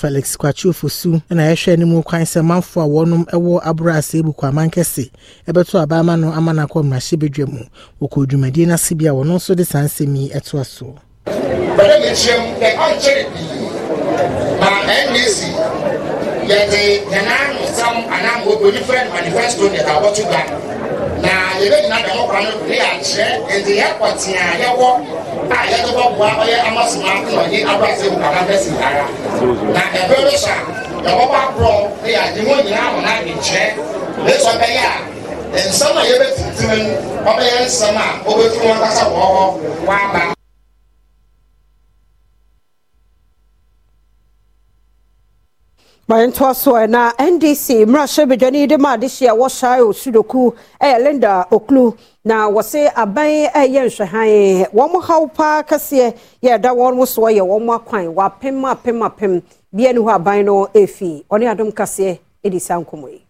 felix kwachiofosu na ɛhwɛ no mu kwan sɛ manfoɔ a wɔnom wɔ aboro ase ebu kwaman kɛse ɛbɛto abaama no ama no akɔ mmarahyɛbadwa mu wɔkɔ dwumadie no ase bi a wɔno nso de saa nsɛm yi ɛtoa so bɛdɛ ne kyerɛm dɛ ɔnkyɛre pii ma sam anaa wɔbɔnifrɛ no manifesto ne ɛda wɔto gano na yɛbɛgyina dɛm kora no kure akyerɛ nti yɛkɔ tea yɛwɔ a yɛde bɔboa ɔyɛ amasoma na ɔnye abrase nkwana bɛsi ara na ɛbɛrɛ bɛ hyɛ a yɛbɔbɔ aborɔ ne yɛagye ho nyinaa hona nkyerɛ ne sɔ bɛyɛ a nsɛm a yɛbɛtitiri mu ɔbɛyɛ nsɛm a wɔbɛtumi wɔn kasa wɔ hɔ wɔaba ma ntoa so na ndc mmarahyɛbadwani de ma adehye a wɔhyae osudoku yɛ eh, linda oklu na wɔse aban eh, yɛ nhwɛhan wɔn haw paa kɛseɛ yɛ ɛda wɔn so yɛ wɔn akwan wɔapem apem apem bia ne hɔ aban no efi ɔne adom kaseɛ ɛdi saa nkɔmɔ yi.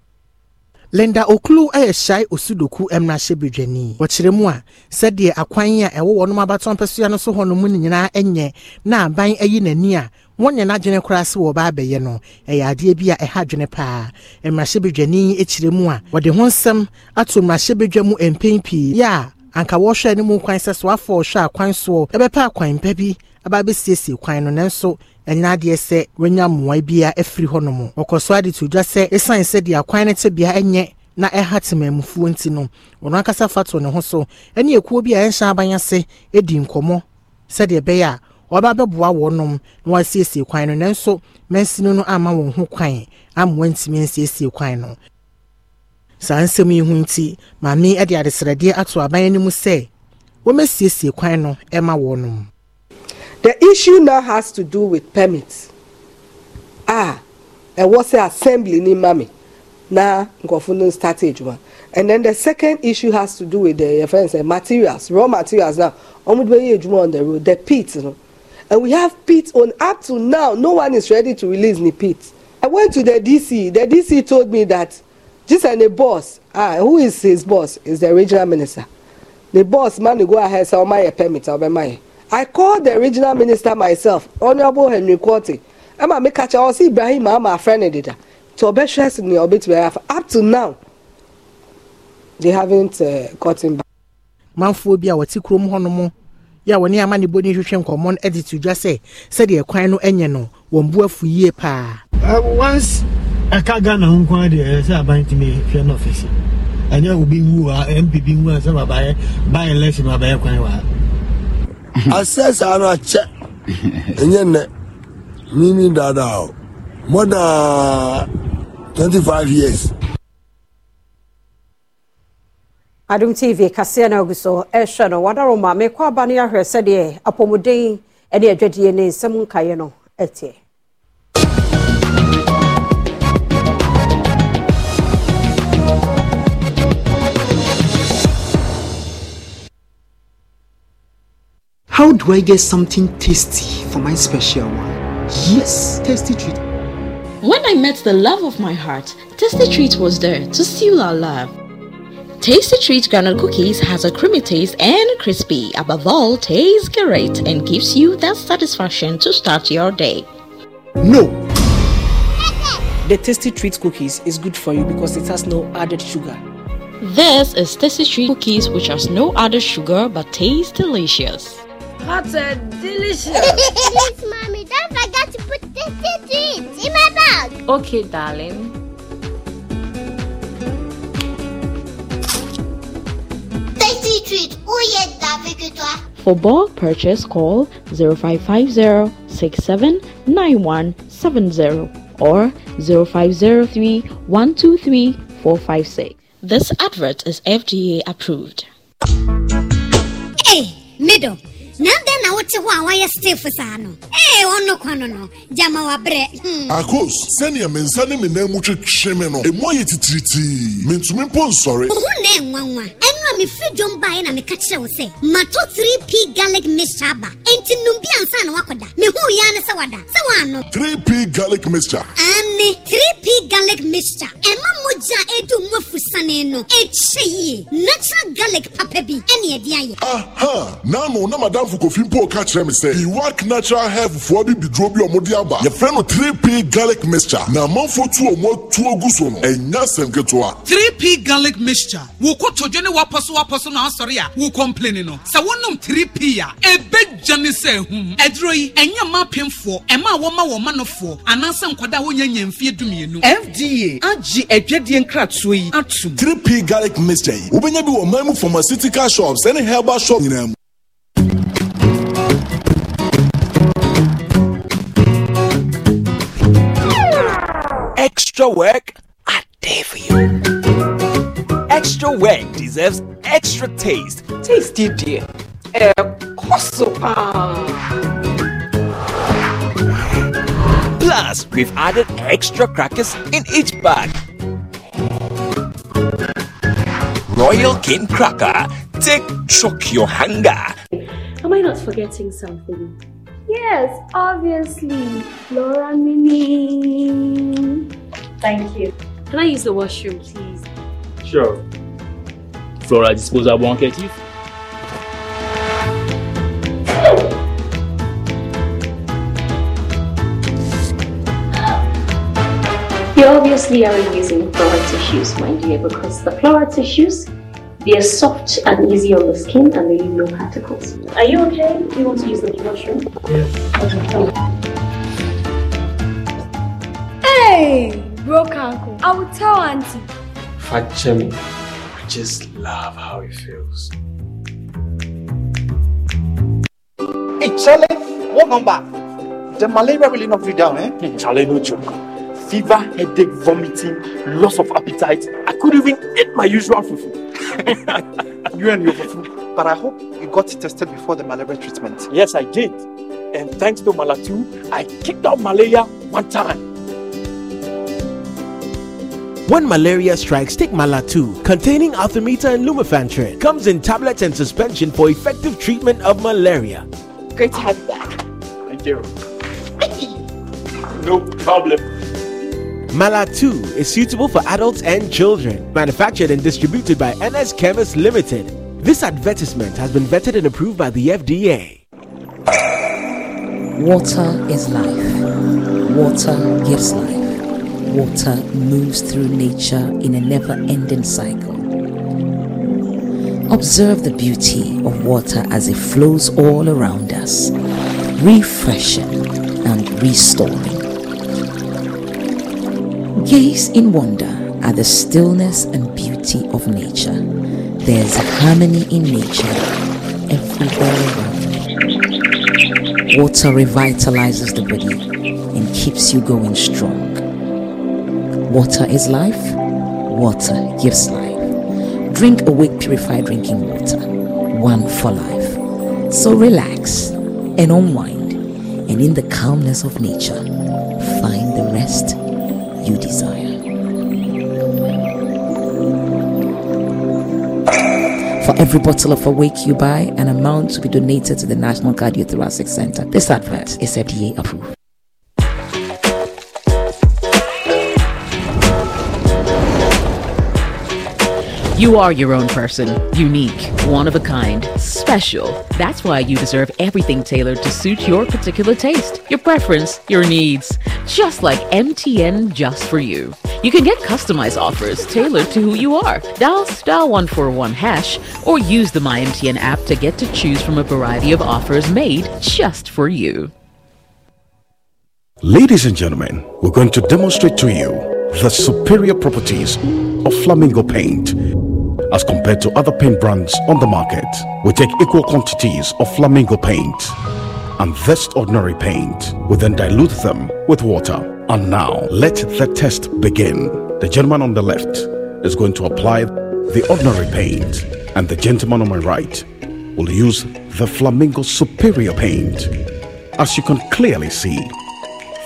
linda oklu yɛ eh, hyae osudoku mmarahyɛbadwani wɔkyerɛ mu a sɛdeɛ akwan a ɛwɔ wɔn abatɔn pɛsoa no so hɔ no mu nyinaa nyɛ na aban ayi n'ani a wɔn nyɛ n'adwene koraa se wɔ ɔbaa bɛyɛ no ɛyɛ adeɛ bi a ɛha adwene paa mmarahyɛbadwani akyire mu a wɔde ho nsɛm ato mmarahyɛbadwa mu mpɛn pii yɛ a anka wɔhwɛ no mu kwan sɛ so afɔ ɔhwɛ akwan soɔ ɛbɛpɛ akwan pa bi aba bɛsiesie kwan no nanso ɛnyɛ adeɛ sɛ wɔanya mmoa bia afiri hɔ nom wɔkɔ so ade to dwa sɛ ɛsiane sɛ deɛ akwan no tebea ɛnyɛ na ɛha temammufuo nti no ɔno ankasa fa to ne ho so ɛne ekuo bi a ɛnhyɛ aban di nkɔmmɔ sɛdeɛ ɛbɛyɛ a ɔba bɛboa wɔnom na wɔasiesie kwan no nanso mansini no ama wɔn ho kwan ama wɔntumi nsiesie kwan no saa nsɛm yi ho nti maame de adesrɛdeɛ ato aban no mu sɛ wɔmɛsiesie kwan no ma wɔnom the issue now has to do with permit a ɛwɔ sɛ assembly ni mami na nkɔfo no start adwuma and then the second issue has to do with the yɛfɛ eh, materials raw materials now wɔn de bɛ yɛ adwuma on the road the pit no. and we have pits on up to now no one is ready to release the pit i went to the dc the dc told me that this and the boss ah who is his boss is the regional minister the boss man go ahead say ọmọ yẹ permit ọbẹ mọ yẹ i called the regional minister myself honourable henry kwoti ẹ máa mi kàchá ọ sí ibrahim ama afrẹni dida tí ọbẹ stress ni ọbẹ tí wẹ́ẹ́ yà up to now they haven't uh, gotten back. manfoɔ bi a wɔte kurom hɔnom yɛ a wɔne amanibɔ ne hwehwɛ nkɔmmɔ no de to dwa sɛ sɛdeɛ kwan no nyɛ no wɔn bo afu yie paa. Uh, once ɛka ghana ho kwan deɛ ɛyɛ sɛ aban tumi hwɛ no ɔfisi ɛnyɛ obi wu a mp bi wu a sɛ babayɛ by election babayɛ kwan wa. asɛ <laughs> saa no akyɛ ɛnyɛ nnɛ mimi daadaa o more twenty five years. adom tv kaseɛ no agu so ɛhwɛ no wadaro ma mekɔ aba no yɛahwɛ sɛdeɛ apɔmuden ne adwadie ne nsɛm nkaeɛ no ɛteɛ How do I get something tasty for my special one? Yes, Tasty Treat. When I met the love of my heart, Tasty Treat was there to seal our love. Tasty Treat Granola Cookies has a creamy taste and crispy. Above all, tastes great and gives you that satisfaction to start your day. No! the Tasty Treat Cookies is good for you because it has no added sugar. This is Tasty Treat Cookies which has no added sugar but tastes delicious. That's a delicious! <laughs> Please, mommy, don't forget to put Tasty Treats in my bag! Okay, darling. For bulk purchase, call 0550-679170 or 0503-123-456. This advert is FDA approved. Hey, middle. Nanda na wote ho a wayɛ stiff saa no ee ɔno kwa no no gyama wabrɛ. akos sɛnea me nsa ne me nan mu twetwe me no emu ayɛ titiritii mentumi mpo nsɔre. ohun na me free dwom baeɛ na meka kyerɛ wo sɛ mato 3p garlic mixture aba enti num bi ansa na woakɔda mehuu yɛa ne sɛ wada sɛ woanom 3p garlic mixture ane 3p garlic mixture ɛma mogya a mu afusane no ɛkyɛ yie natural garlic papa bi ɛne ɛde ayɛ aha naano na madamfo kofi mpo ka kyerɛ me sɛ iwak natural hair fofoɔ bi biduro bi ɔmode aba yɛfrɛ no 3p garlic mixture na amanfoɔ tu ɔmo atuo gu so no ɛnya sɛm ketewa 3p garlic mixture wo kotodwe ne wapɔ so wapɔ so na asɔre a wo complain no sɛ wonom 3p a ɛbɛgya ne sɛ ahum ɛduro yi ɛnyɛ ma apemfoɔ ɛma wɔma wɔn ma nofoɔ anaasɛ nkwadaa wɔnyɛ nyɛ mfie dumienu. fda agye adwadie nkratoɔ yi atum. 3p garlic mixture yi wobɛnya bi wɔ man mu pharmaceutical shops ɛne herbal shops nyinaa mu. extra work I dare for you. Extra work deserves extra taste. Tasty dear. É eh, coço Plus, we've added extra crackers in each bag. Royal King Cracker, take chuck your hunger. Am I not forgetting something? Yes, obviously. Laura Mini. Thank you. Can I use the washroom, please? Sure. Flora disposable handkerchief. You obviously are using floral tissues, my dear, because the floral tissues they are soft and easy on the skin and they leave no particles. Are you okay? Do you want to use the washroom? Yes. Okay, Hey! Broke ankle. I will tell auntie. Facture I just love how it feels. Hey, Charlie, what number? The malaria really knocked you down, eh? Charlie, no joke. Fever, headache, vomiting, loss of appetite. I couldn't even eat my usual fufu. <laughs> you and your fufu. But I hope you got tested before the malaria treatment. Yes, I did. And thanks to Malatu, I kicked out malaria one time. When malaria strikes, take Mala2, containing Arthemeter and Lumefantrin. Comes in tablets and suspension for effective treatment of malaria. Great to have you back. Thank you. no problem. Mala2 is suitable for adults and children. Manufactured and distributed by NS Chemist Limited. This advertisement has been vetted and approved by the FDA. Water is life. Water gives life water moves through nature in a never ending cycle. Observe the beauty of water as it flows all around us, refreshing and restoring. Gaze in wonder at the stillness and beauty of nature. There's harmony in nature everywhere around Water revitalizes the body and keeps you going strong. Water is life, water gives life. Drink awake purified drinking water, one for life. So relax and unwind, and in the calmness of nature, find the rest you desire. For every bottle of awake you buy, an amount to be donated to the National Cardiothoracic Center. This advert is FDA approved. You are your own person, unique, one of a kind, special. That's why you deserve everything tailored to suit your particular taste, your preference, your needs. Just like MTN Just for You. You can get customized offers tailored to who you are. Dial star 141 hash or use the MyMTN app to get to choose from a variety of offers made just for you. Ladies and gentlemen, we're going to demonstrate to you the superior properties of flamingo paint as compared to other paint brands on the market. We take equal quantities of flamingo paint and this ordinary paint. We then dilute them with water. And now, let the test begin. The gentleman on the left is going to apply the ordinary paint, and the gentleman on my right will use the Flamingo Superior paint. As you can clearly see,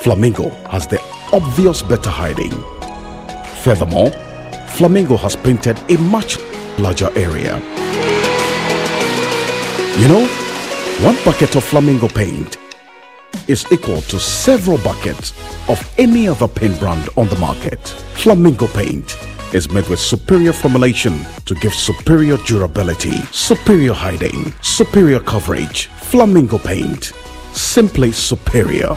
Flamingo has the obvious better hiding. Furthermore, Flamingo has painted a much larger area. You know, one bucket of flamingo paint is equal to several buckets of any other paint brand on the market. Flamingo paint is made with superior formulation to give superior durability, superior hiding, superior coverage. Flamingo paint, simply superior.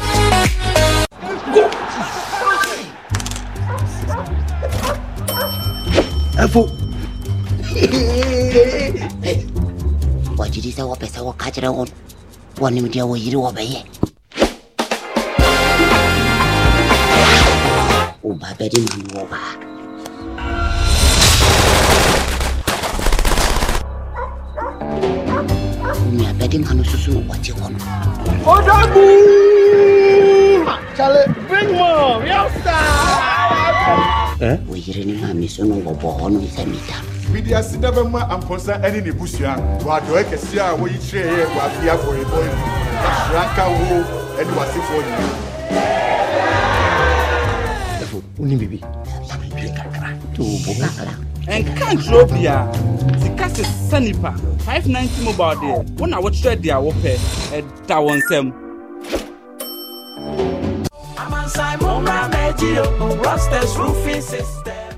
Evo <laughs> wajirisa wapesa wakajira on wanimdia wayiri wabeye umbabedi mami woba umiabedi mami susu wati kono odagu chale big mom yosta eh wayiri ni mami sunu ngobo hono isamita mede ase da bɛma ampɔnsa ne ne busua wɔadɔe kɛseɛ eh, a wɔyi kyerɛeɛ wɔ afei mu ahyira nka wo ne w'asefoɔ nyinaa wonim biribi ɛnka nkyerɛ sika sesa nipa 590 mobile deɛ wo na wokyerɛ deɛ a wopɛ ɛda wɔ nsɛm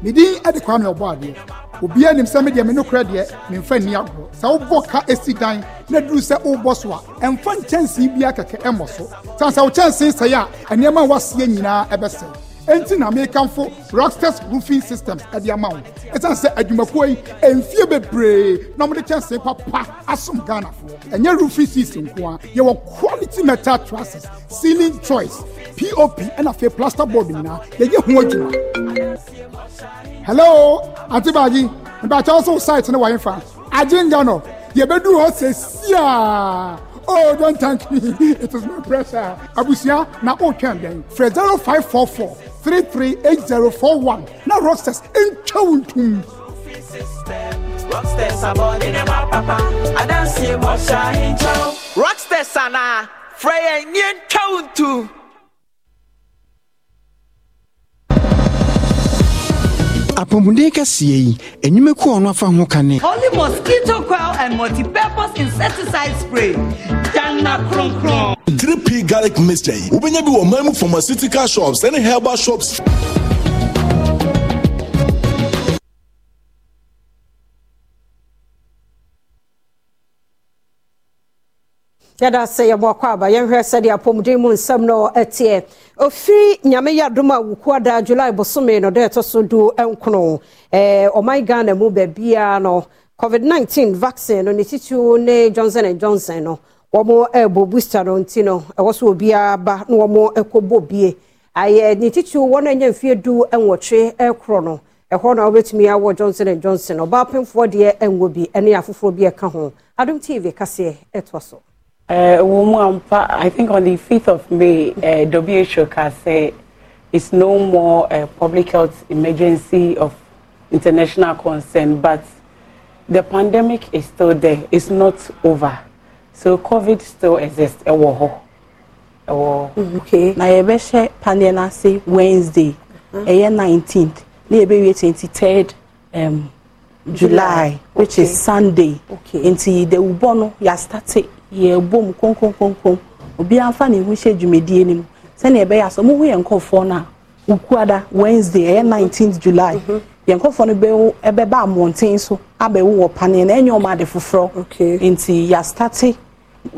medin ɛde kwa me ɔbɔ adeɛ obiara nim sɛ medeɛ me nokorɛ deɛ memfa nni agorɔ sɛ wobɔ ka ɛsi dan na duru sɛ wobɔ so a ɛmfa nkyɛnsee biara kɛkɛ ɛmmɔ so sane sɛ wo kyɛnsee sɛe a ɛnneɛma a woaseɛ nyinaa ɛbɛsɛe ɛnti na mekamfo rockstars roofing systems ɛde ama wo ɛsiane sɛ adwumakuo yi e, ɛmfie bebree na ɔmode kyɛnsee papa asom ghanafoɔ ɛnyɛ roofing season nko a yɛwɔ quality metal trusses ceiling choice pop ɛna e afei plaster board nyinaa yɛyɛ ho adwuma hello ante baaji nbakyɛ ɔso site ne wɔyɛ fa agye nga no yɛbɛduru hɔ sɛ siaa oh don't thank me <laughs> it is my pressure abusua na otwɛn dɛn frɛ zero five four four three three eight zero four one na rosters ntwa wo ntum. Rockstars abɔde ne ma papa Rockstars ana frɛ yɛn nye ntwa wo ntum. apɔmuden kɛseɛ yi enyimeku ɔno afa ho kane. only mosquito coil and multi-purpose insecticide spray dana kronkron. 3p garlic mixture yi wobɛnya bi wɔ man mu pharmaceutical shops ɛne herbal shops. yɛda sɛ yɛboakɔ aba yɛnhwɛ sɛdeɛ apɔmuden mu nsɛm no ɛteɛ ofiri nyame yɛadom a wokuo adaa july bosome no dɛ ɛtɔ so du nkono ɔman ghana mu baabiaa no covid-19 vaccine no ne titiriw ne johnson and johnson no wɔn ɛrebɔ booster no nti no ɛwɔ so obiara ba na wɔn ɛkɔbɔ bie ayɛ ne wɔn a ɛnyɛ du nwɔtwe ɛkorɔ no ɛhɔ na awɔ johnson and johnson deɛ bi ɛne afoforɔ bi ɛka ho tv kaseɛ so. Uh, I think on the 5th of May, uh, eh, WHO can say it's no more a eh, public health emergency of international concern, but the pandemic is still there. It's not over. So COVID still exists. Ewo mm-hmm, Okay. Na yebe she panel na say Wednesday, eye 19th, na yebe we 23rd um July, which okay. is Sunday. Okay. Nti the ubono ya started yɛbɔ mu konkonkonkon obiara mfa ne ho hyɛ dwumadie no mu sɛnea ɛbɛyɛ asɛ ɔmo ho yɛ nkɔfoɔ no a okuada wednesday ɛyɛ 19th july mm -hmm. yɛn nkɔfoɔ no bɛwo ɛbɛba abɔnten so abɛwo wɔ paneɛ na ɛnyɛ ɔmo ade foforɔ okay. nti yɛastate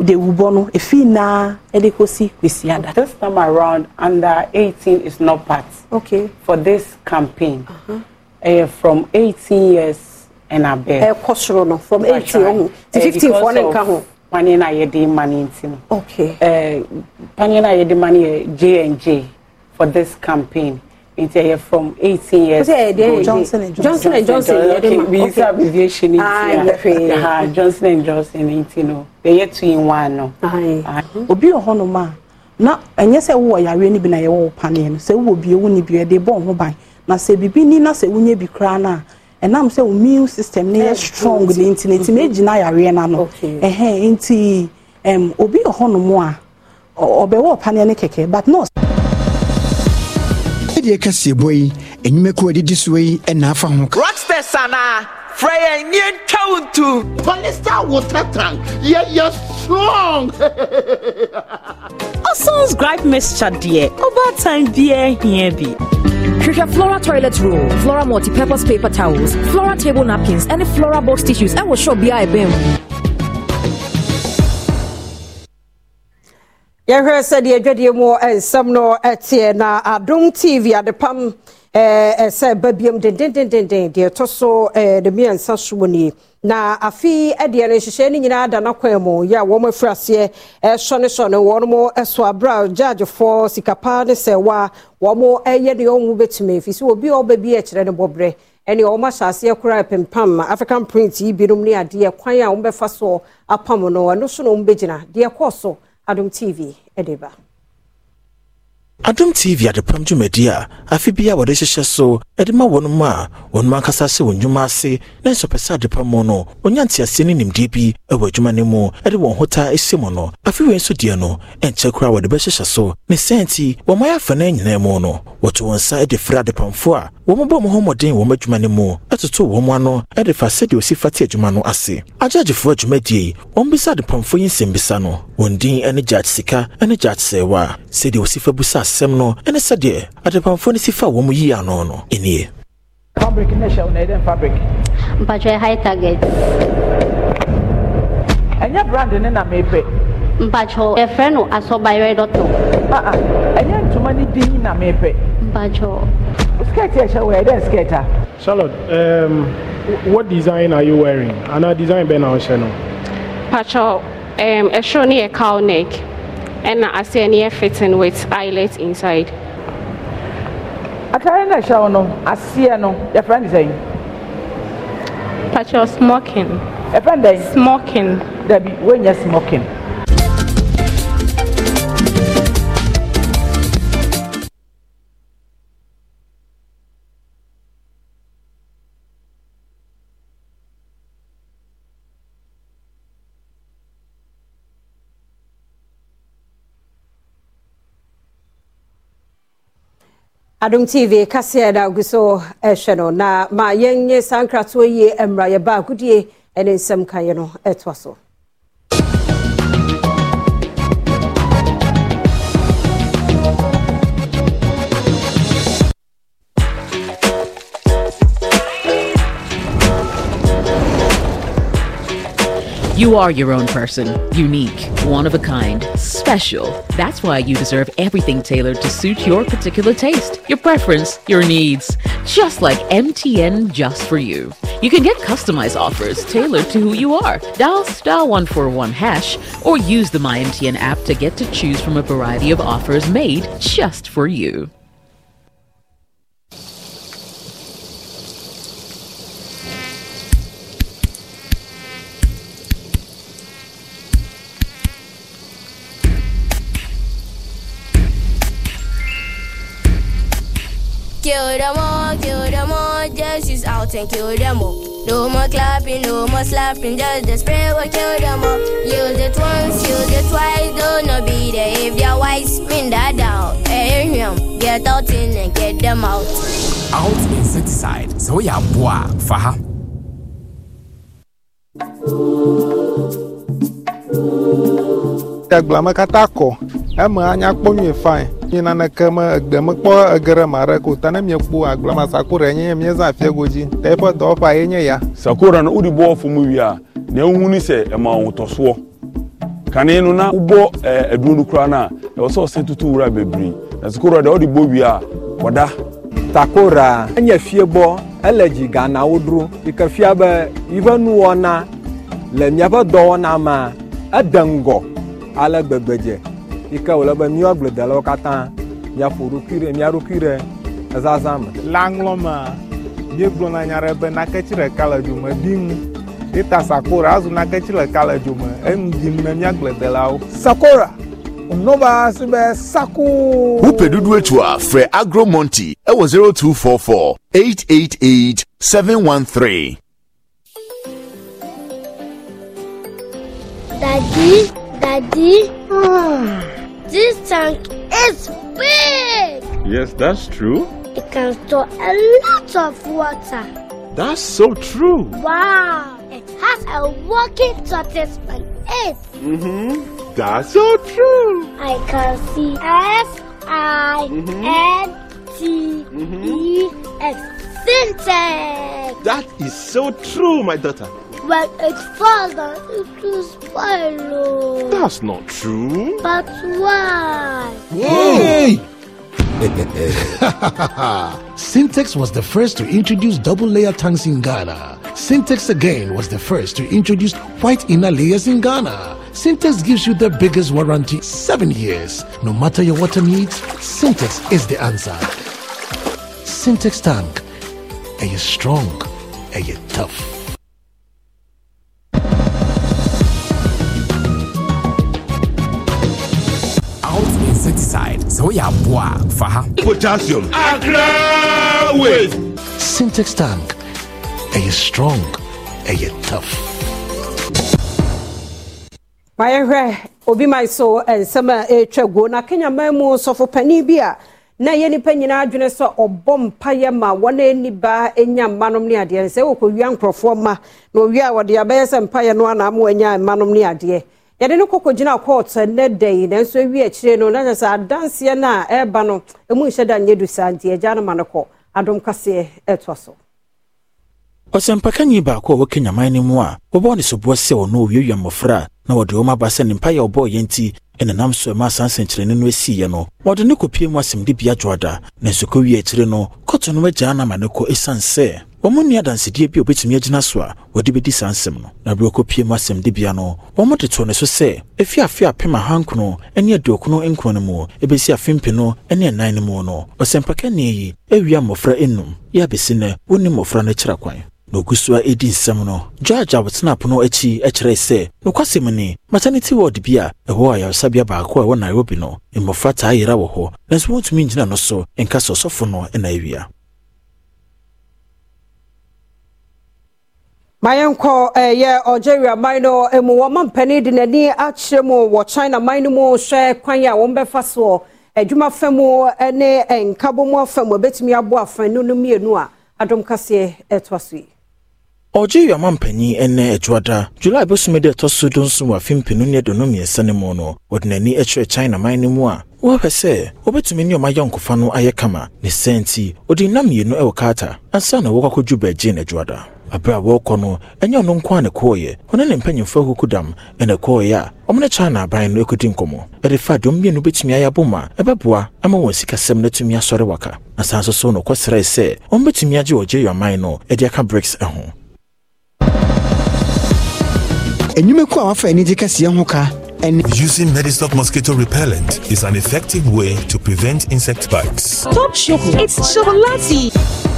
de wubɔ no efi naa ɛde kɔsi kwesiada. this time around under 18 is not part. okay for this campaign. Uh -huh. from 18 years and above. ɛkɔ soro no from 18 ɔmo ti 15 fɔ ne nka ho money na yɛde ma no nti no paneɛ no a yɛde ma no yɛ j and j for this campaign nti ɛyɛ from 18 years johnson and johnson yɛde ma okay bisa abbreviation nti a johnson and johnson nti no yɛyɛ two in one no obi wɔ hɔnom a na ɛnyɛ sɛ wowɔ yareɛ no bi na yɛwɔ wo paneɛ no sɛ wowɔ bie wo ne bi ɛde bɔ wo ho ban na sɛ biribi ni na sɛ wonyɛ bi koraa no a ɛnam sɛ immune system mm-hmm. ne yɛ strong ne nti ne ti ma gyina yareɛ n'ano ɛhɛn nti obi wɔ hɔnom a ɔbɛwɔ ɔpaneɛ ne kɛkɛ but nurse. ɛdeɛ kɛseɛ bɔ yi enyimɛkuo adidi soɔ yi ɛna afa ho ka. sana freya nye ntwa ntu. water tank yɛ yɛ strong. Ɔson's <laughs> gripe mixture deɛ ɔba time dear, here be. Hwehwɛ Flora toilet roll, Flora multi-purpose paper towels, Flora table napkins, ɛne Flora box tissues I ɛwɔ shop bi a ɛbɛn uh, mu. yɛhwɛ sɛdeɛ adwadeɛ mu nsɛm no ɛteɛ na adom tv adepam Eh, eh, sɛ ba biam dendendendenden deɛ ɛtɔ so eh, ne mmiɛnsa soɔ nie na afei deɛ no nhyehyɛ no nyinaa da n'akwan mu yɛ a wɔn afiri aseɛ sɔnesɔne wɔn so abera gyagyefoɔ sikapa ne sɛ wa wɔn yɛ deɛ wɔn bɛtumi efi so obi a ɔba bi akyerɛ ne bɔbrɛ ɛne wɔn ahyɛ aseɛ koraa pempam african print yi binom ne adeɛ kwan a wɔn so apam no ɛno so na wɔn bɛgyina deɛ kɔɔ so adom tv ɛde ba. adom tv adepam dwumadi a afe bi a wɔde hyehyɛ so de ma wɔnom a wɔnom ankasa hyɛ wɔn nnwuma ase na nsɔpɛ sɛ adepam mu no ɔnya nteaseɛ ne nimdeɛ bi wɔ adwuma no mu de wɔn hota asi mu no afe wei nso deɛ no ɛnkyɛ koraa wɔde bɛhyehyɛ so ne sɛ nti wɔma yɛ no nyinaa mu no wɔto wɔn nsa de frɛ adepamfo a wɔn bɔ wɔn ho mmɔden wɔn adwuma no mu ɛtoto wɔn ano ɛde fa sɛdeɛ osi fa te adwuma no ase agyagyefoɔ adwumadie yi wɔn bisa adepamfo yi nsɛmbisa no wɔn din ne gyakye sika ne gyakye sɛwa sɛdeɛ osi fa busa asɛm no ne sɛdeɛ adepamfo no si fa wɔn yi ano no ɛnie. fabric ne hyɛ na ɛdɛn fabric. mpatwɛ high target. ɛnyɛ brand ne na mepɛ. mpatwɛ yɛfrɛ no asɔbayɛ dɔtɔ. Ah, ah. ɛnyɛ ntoma ne din na mepɛ. mpatwɛ skirt ẹ̀ṣẹ̀ wẹ̀ ẹ̀dẹ̀ skirt a. Charlotte um, what design are you wearing And ana design bẹ́ẹ̀ náà ọ̀ṣẹ̀ náà. Pacho ẹ̀ṣọ́ ni yẹ cow neck ẹ̀na ase ni yẹ fitting with eyelet inside. Atare na ẹ̀ṣẹ̀ wọn no aseɛ no yɛ fẹ́ ndisɛn. Pacho smoking. Ɛfɛ ndɛn. Smoking. Dabi wo nyɛ smoking. adom tv kaseɛ na agu so ɛhwɛ no na ma yɛnyɛ saa nkratoɔ yie mmara yɛba agodie ne nsɛm kaeɛ no ɛtoa so You are your own person, unique, one of a kind, special. That's why you deserve everything tailored to suit your particular taste, your preference, your needs. Just like MTN Just For You. You can get customized offers tailored to who you are. Dial star 141 hash or use the MyMTN app to get to choose from a variety of offers made just for you. Kill them all, kill them all, yeah, she's out and kill them all. No more clapping, no more slapping, just the spray will kill them all. Use it once, use it twice, don't not be there if they're wise. spin that down, Hey, get out in and get them out. Out suicide. so ya boa, faha. Tagblama katako. eme anyakpɔ nyuie fain nyi naneke me egbe mekpɔ ege ɖe ma ɖe ko ta ne miekpo agblema sakura enye miezã afia godzi ta eƒe dɔwɔƒea ye nye ya sakura no wode bɔ fomu wia ne wohu ni sɛ ɛma wo tɔsoɔ kane no na wobɔ aduro no koraa no a ɛwɔ sɛ ɔsɛ toto wura bebree na sakura deɛ wode bɔ wie a kɔda takora enye fiebɔ ele dzi ganawo dro yi ke fia be yiƒe nuwɔna le míaƒe dɔwɔna ma ede ŋgɔ ale gbegbe dze yi wòle be míawo agbledelawo katã míaƒo ɖokui ɖe mía ɖe ezazã me. le aŋlɔmea míegblɔna nya ɖe be naketsi ɖeka le dzome ɖi ŋu eta sakora azu naketsi ɖeka le dzome eŋu ɖim na míagbledelawo. sakora nɔba si be sako. wúpẹ̀ dúdú ètò àfẹ́ agromonti ẹ̀wọ̀ e zero two four four eight eight eight seven one three. Daddy, Daddy. Oh. This tank is big! Yes, that's true. It can store a lot of water. That's so true. Wow! It has a walking tortoise on it. Mm-hmm. That's so true. I can see S I mm-hmm. N T E mm-hmm. X That is so true, my daughter. When it's father, it is Philo. That's not true. That's why. Yay! <laughs> Syntax was the first to introduce double layer tanks in Ghana. Syntax again was the first to introduce white inner layers in Ghana. Syntax gives you the biggest warranty, seven years. No matter your water needs, Syntax is the answer. Syntax tank. Are you strong? Are you tough? sɛ woyɛ aboa potassium akra wait syntax tank you strong Are you tough mayɛhwɛ obi ma so eh, nsɛm a ɛretwa na Kenya mu sɔfopanin bi a na yɛ na nyinaa adwene sɛ ɔbɔ mpayɛ ma wɔn ani enya anya mmanom ne adeɛ sɛ wɔkɔwia nkurɔfoɔ ma na owia a wɔde abɛyɛ sɛ mpayɛ no anamu enya wɔanya mmanom ne yɛde no kɔkɔ gyina court ne dɛn nanso awi akyire no na kyɛ sɛ adanseɛ no a ɛreba no ɛmu nhyɛ da nyɛ du saa nti agya no ma no kɔ adom kaseɛ ɛtoa so ɔsɛmpakanyi baako a wɔkɛ nyaman no mu a wɔbɔɔ ne soboɔ sɛ ɔno owiawia mmɔfra na wɔde wɔm aba sɛ ne mpayɛ ɔbɔɔyɛ nti ɛnenam so ɛma saa nsɛnkyerɛnne no asiiɛ no wɔde ne kɔpie mu asɛmdebea dwoada nanso kɔwie akyire no kɔto no agyaa no ama ne kɔ ɛsiane sɛ wɔn ni adansedie bi a obetumi agyina so a wɔde bɛdi saa nsɛm no na berɛ kɔpie mu asɛmdibea no wɔn de too ne so sɛ ɛfi afe a pem ahankono ne aduokono nkron no mu ɛbɛsi afe mpe no ne ɛnan no mu no ɔsɛmpakani yi awia mmɔfra enum yɛ abɛsi nɛ wɔnni mmɔfra no akyira kwan na ogu so nsɛm no george abotena apono akyi kyerɛe sɛ nokwasɛm ni maternity ward bi a ɛwɔ ayaresabea baako a ɛwɔ nairobi no mmɔfra taa yera wɔ hɔ nanso wɔntumi ngyina no so nka sɛ ɔsɔfo no na awia mayɛ nkɔ ɛyɛ eh, algeria man no eh, mu wɔma mpanin de n'ani akyerɛ mu wɔ china man no mu hwɛ kwan a wɔn bɛfa soɔ adwuma fa eh, mu ne nkabɔmu afa mu ebɛtumi abo afanu no mmienu a adom kaseɛ ɛtoa so yi algeria mampanyin ɛnɛ adwoada july bosome de ɛtɔ so do nso wɔ afe mpenu ne adono mmiɛnsa no mu no wɔde n'ani kyerɛ china man no mu a wɔhwɛ sɛ wɔbɛtumi ne ɔma yɔnkofa no ayɛ kama ne sɛ nti ɔde nna mmienu wɔ carter ansa na wɔkɔakɔdwu baagye no aberɛ a wɔrekɔ no ɛnyɛ ɔno nko a ne kɔɔeɛ ɔne ne mpanyimfo akuku dam ɛna kɔɔeɛ a ɔmo ne china aban no akɔdi nkɔmmɔ ɛde fa dɔm mmienu bɛtumi ayɛ abo ma ɛbɛboa ama wɔn sikasɛm no atumi asɔre waka na saa nso so nokɔsrɛe sɛ ɔmbɛtumi agye ɔgye yɔman no ɛde aka brics ho ɛnwumaku a wafa anigye kɛseɛ ho ka using Medistock mosquito repellent is an effective way to prevent insect bites. Stop chocolate. It's chocolatey.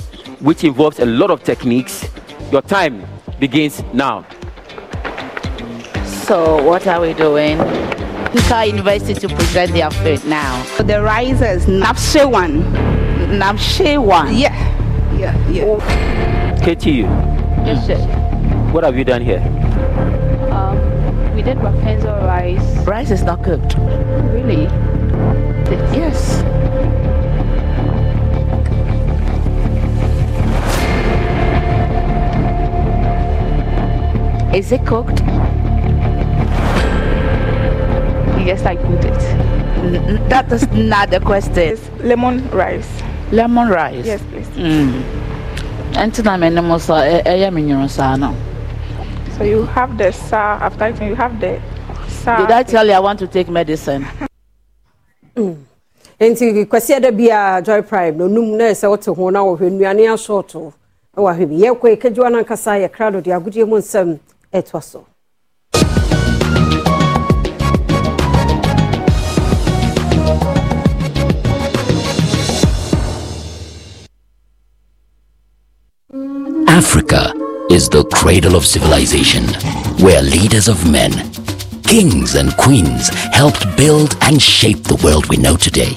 which involves a lot of techniques. Your time begins now. So, what are we doing? Pika University to present their food now. So the risers, Napshewan. one. Yeah. Yeah, yeah. KTU. Yes, sir. What have you done here? Um, we did Rapunzel rice. Rice is not cooked. Really? Yes. Is it cooked? Yes, I put it. N- that is not the question. It's lemon rice. Lemon rice? Yes, please. Mm. Enti na mene mo sa eye me sa no. So you have the sa after eating you have the sa. Did I tell you I want to take medicine? Mm. nti kwasi ada bi a joy prime No num na ɛsɛ wote ho na wɔhwɛ nnuane asɔɔto na wahwɛ bi yɛkɔ ɛkadwa no ankasa yɛkra do de agodie mu nsɛm Africa is the cradle of civilization, where leaders of men, kings and queens helped build and shape the world we know today.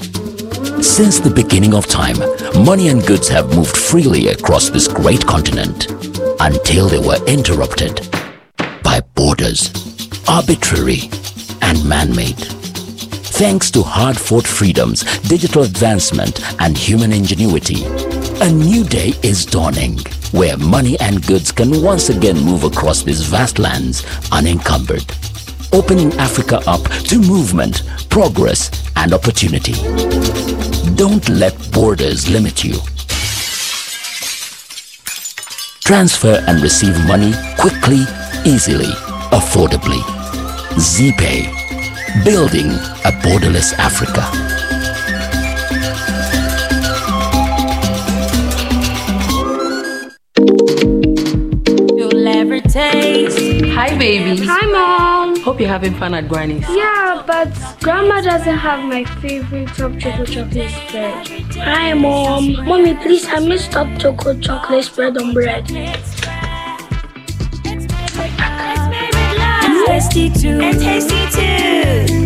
Since the beginning of time, money and goods have moved freely across this great continent until they were interrupted by borders, arbitrary and man-made. Thanks to hard-fought freedoms, digital advancement, and human ingenuity, a new day is dawning where money and goods can once again move across these vast lands unencumbered, opening Africa up to movement, progress, and opportunity. Don't let borders limit you. Transfer and receive money quickly easily, affordably. ZPay, building a borderless Africa. Hi, baby. Hi, mom. Hope you're having fun at Granny's. Yeah, but grandma doesn't have my favorite top chocolate chocolate spread. Hi, mom. Mommy, please, I miss top chocolate chocolate spread on bread. tasty too. And tasty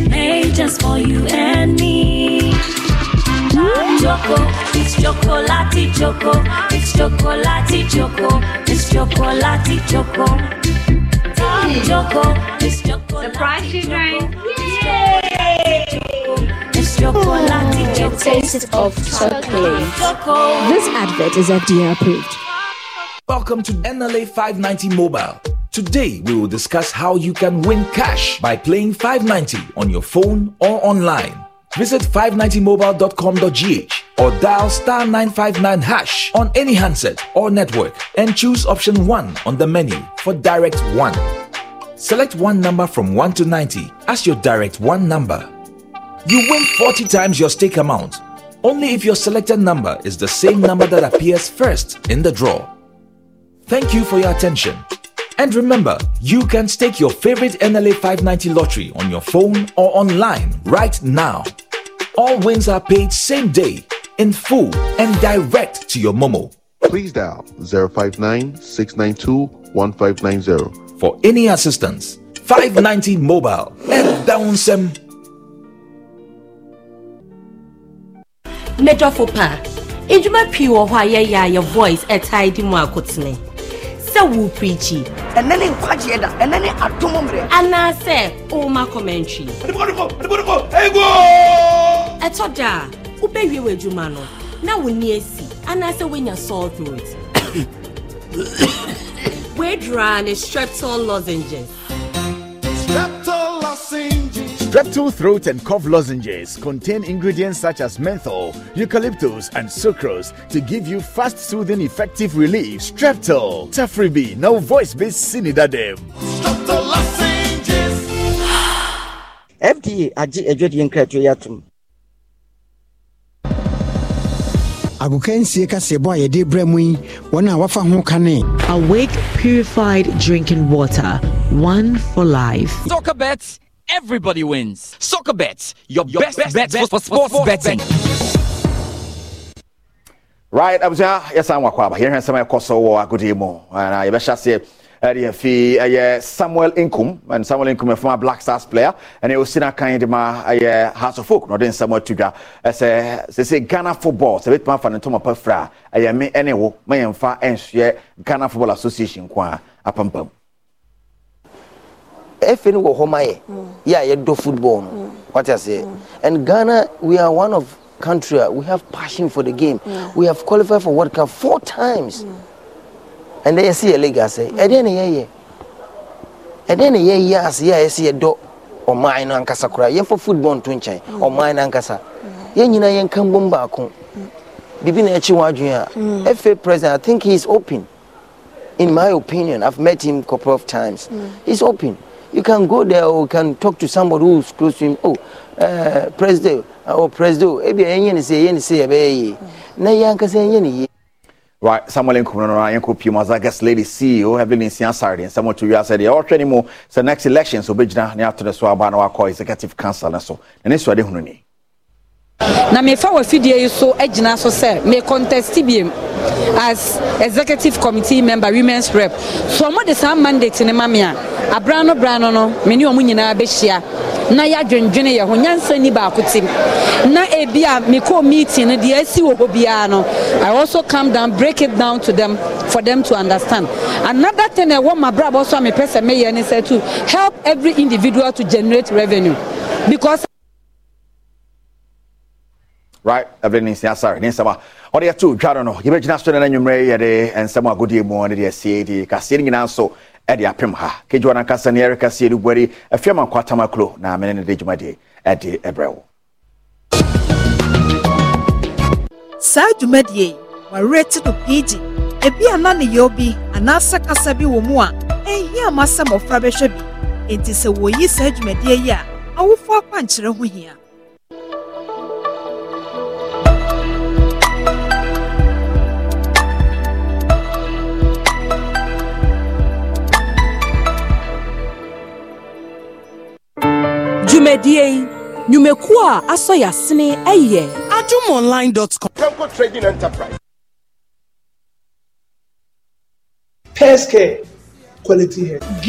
too. Made just for you and me. Choco, it's chocolati choco, it's chocolati choco, it's chocolati choco. Mm. Choco, it's chocolati Surprise children! It's chocolati choco. Taste of chocolate. This advert is FDA approved. Welcome to NLA 590 Mobile Today, we will discuss how you can win cash by playing 590 on your phone or online. Visit 590mobile.com.gh or dial star 959 hash on any handset or network and choose option 1 on the menu for direct 1. Select one number from 1 to 90 as your direct 1 number. You win 40 times your stake amount only if your selected number is the same number that appears first in the draw. Thank you for your attention. And remember, you can stake your favorite NLA 590 lottery on your phone or online right now. All wins are paid same day, in full, and direct to your Momo. Please dial 059 for any assistance. 590 Mobile and down some. Major Fopa, Ejuma Pure, why your voice at Heidi Markotney. sɛ wo preachi ɛnɛ ne nkwagyeɛ da ɛnɛ ne adom mmerɛ anaasɛ woma commentary ɛtɔ da a wobɛwie w'adwuma no na wo nni asi anaasɛ woanya sore throat woaduraa ne streptol lozenges streptol lozenges Streptool throat and cough lozenges contain ingredients such as menthol, eucalyptus, and sucrose to give you fast, soothing, effective relief. Streptol, Tafribi, now voice-based Sinidadem. Streptol lozenges. FDA agye adwadie nkratoɔ yi atom agokansie kaseɛbɔ a yɛde brɛ mu yi awake purified drinking water one for life Talk a bets everybody wins. Soccer bets, your, your best, best bets bet for, sports, sports betting. betting. Right, I'm wakɔ aba yɛhwɛ nsɛm a ɛkɔ so wɔ agodie i na yɛbɛhyɛ aseɛ ɛde afi ɛyɛ samuel inkum and samuel inkum former black stars player you ɔsi no akan de ma My house of oak na then, Samuel atu dwa uh, they say ghana football sɛ bɛtumi afa ne ntoma pa I am me ɛne wo ma yɛmfa ɛnsoɛ ghana football association nko a apampam efe no wɔ hɔ ma yɛ mm. yɛ a yɛdɔ football no mm. wate aseɛ mm. and ghana we are one of country we have passion for the game yeah. we have qualified for world cup four times mm. and then yɛsi yɛ league ase ɛdeɛ na yɛyɛ ɛdeɛ na yɛyɛ ase yɛ a yɛsi yɛdɔ ɔman no ankasa koraa yɛmfa football nto nkyɛn ɔman no ankasa yɛn nyinaa yɛn ka mbom baako bibi na ɛkyi wɔn adwene a fa president i think he is open in my opinion i've met him couple of times mm. he's open. You can go there or can talk to somebody who's close to him. Oh, uh, President, uh, or oh, President, Maybe oh, enye say se, say ni se, ebe ye. Na ye anka Right, Samuel Nkumanono, Yanko Puma, as I guess Lady CEO, Heavenly Nsian Sardi, and someone to you said, You're training more. So next election, so Bijna, Niatuna Swabano, our executive council, and so. And this is what they na mefa wafidie yi so gyina so sɛ mecontesti biem as executive committee member women's rep so ɔmo de saa mandate ne ma me a Abrano, no bran no no me ne ɔmo nyinaa bɛhyia na yɛadwendwene yɛ ho nyansa ni baako tim na ebi a mekɔ meeting no deɛ asi wɔ hɔ biara no i also calm down break it down to them for them to understand another thing ɛwɔ mabrabɔ so a mepɛ sɛ meyɛ ne sɛ to help every individual to generate revenue because right ɛbɛn ne nsia sare ne nsɛm a ɔde ɛto dwa no no yɛbɛgyina so no n'anwummerɛ yi yɛde nsɛm agodie mu ne de asie de kaseɛ no nyinaa nso ɛde apem ha kejuwa no ankasa ne yɛrekaseɛ no buari afiama nkɔ atamakuro na mene ne de dwumadeɛ ɛde ɛbrɛ wo saa dwumadie yi wɔwerɛ te pg ebi a na ne yɛ obi anaasɛ kasa bi wɔ mu a ɛnhia ma sɛ mmɔfra bɛhwɛ bi enti sɛ wɔyi saa dwumadie yi a awofoɔ akwankyerɛ ho hia dwumadie yi nnwumakuo a asɔ yɛ asene yɛ adumonline.com. Temple Trading Enterprise. Pescare quality hair.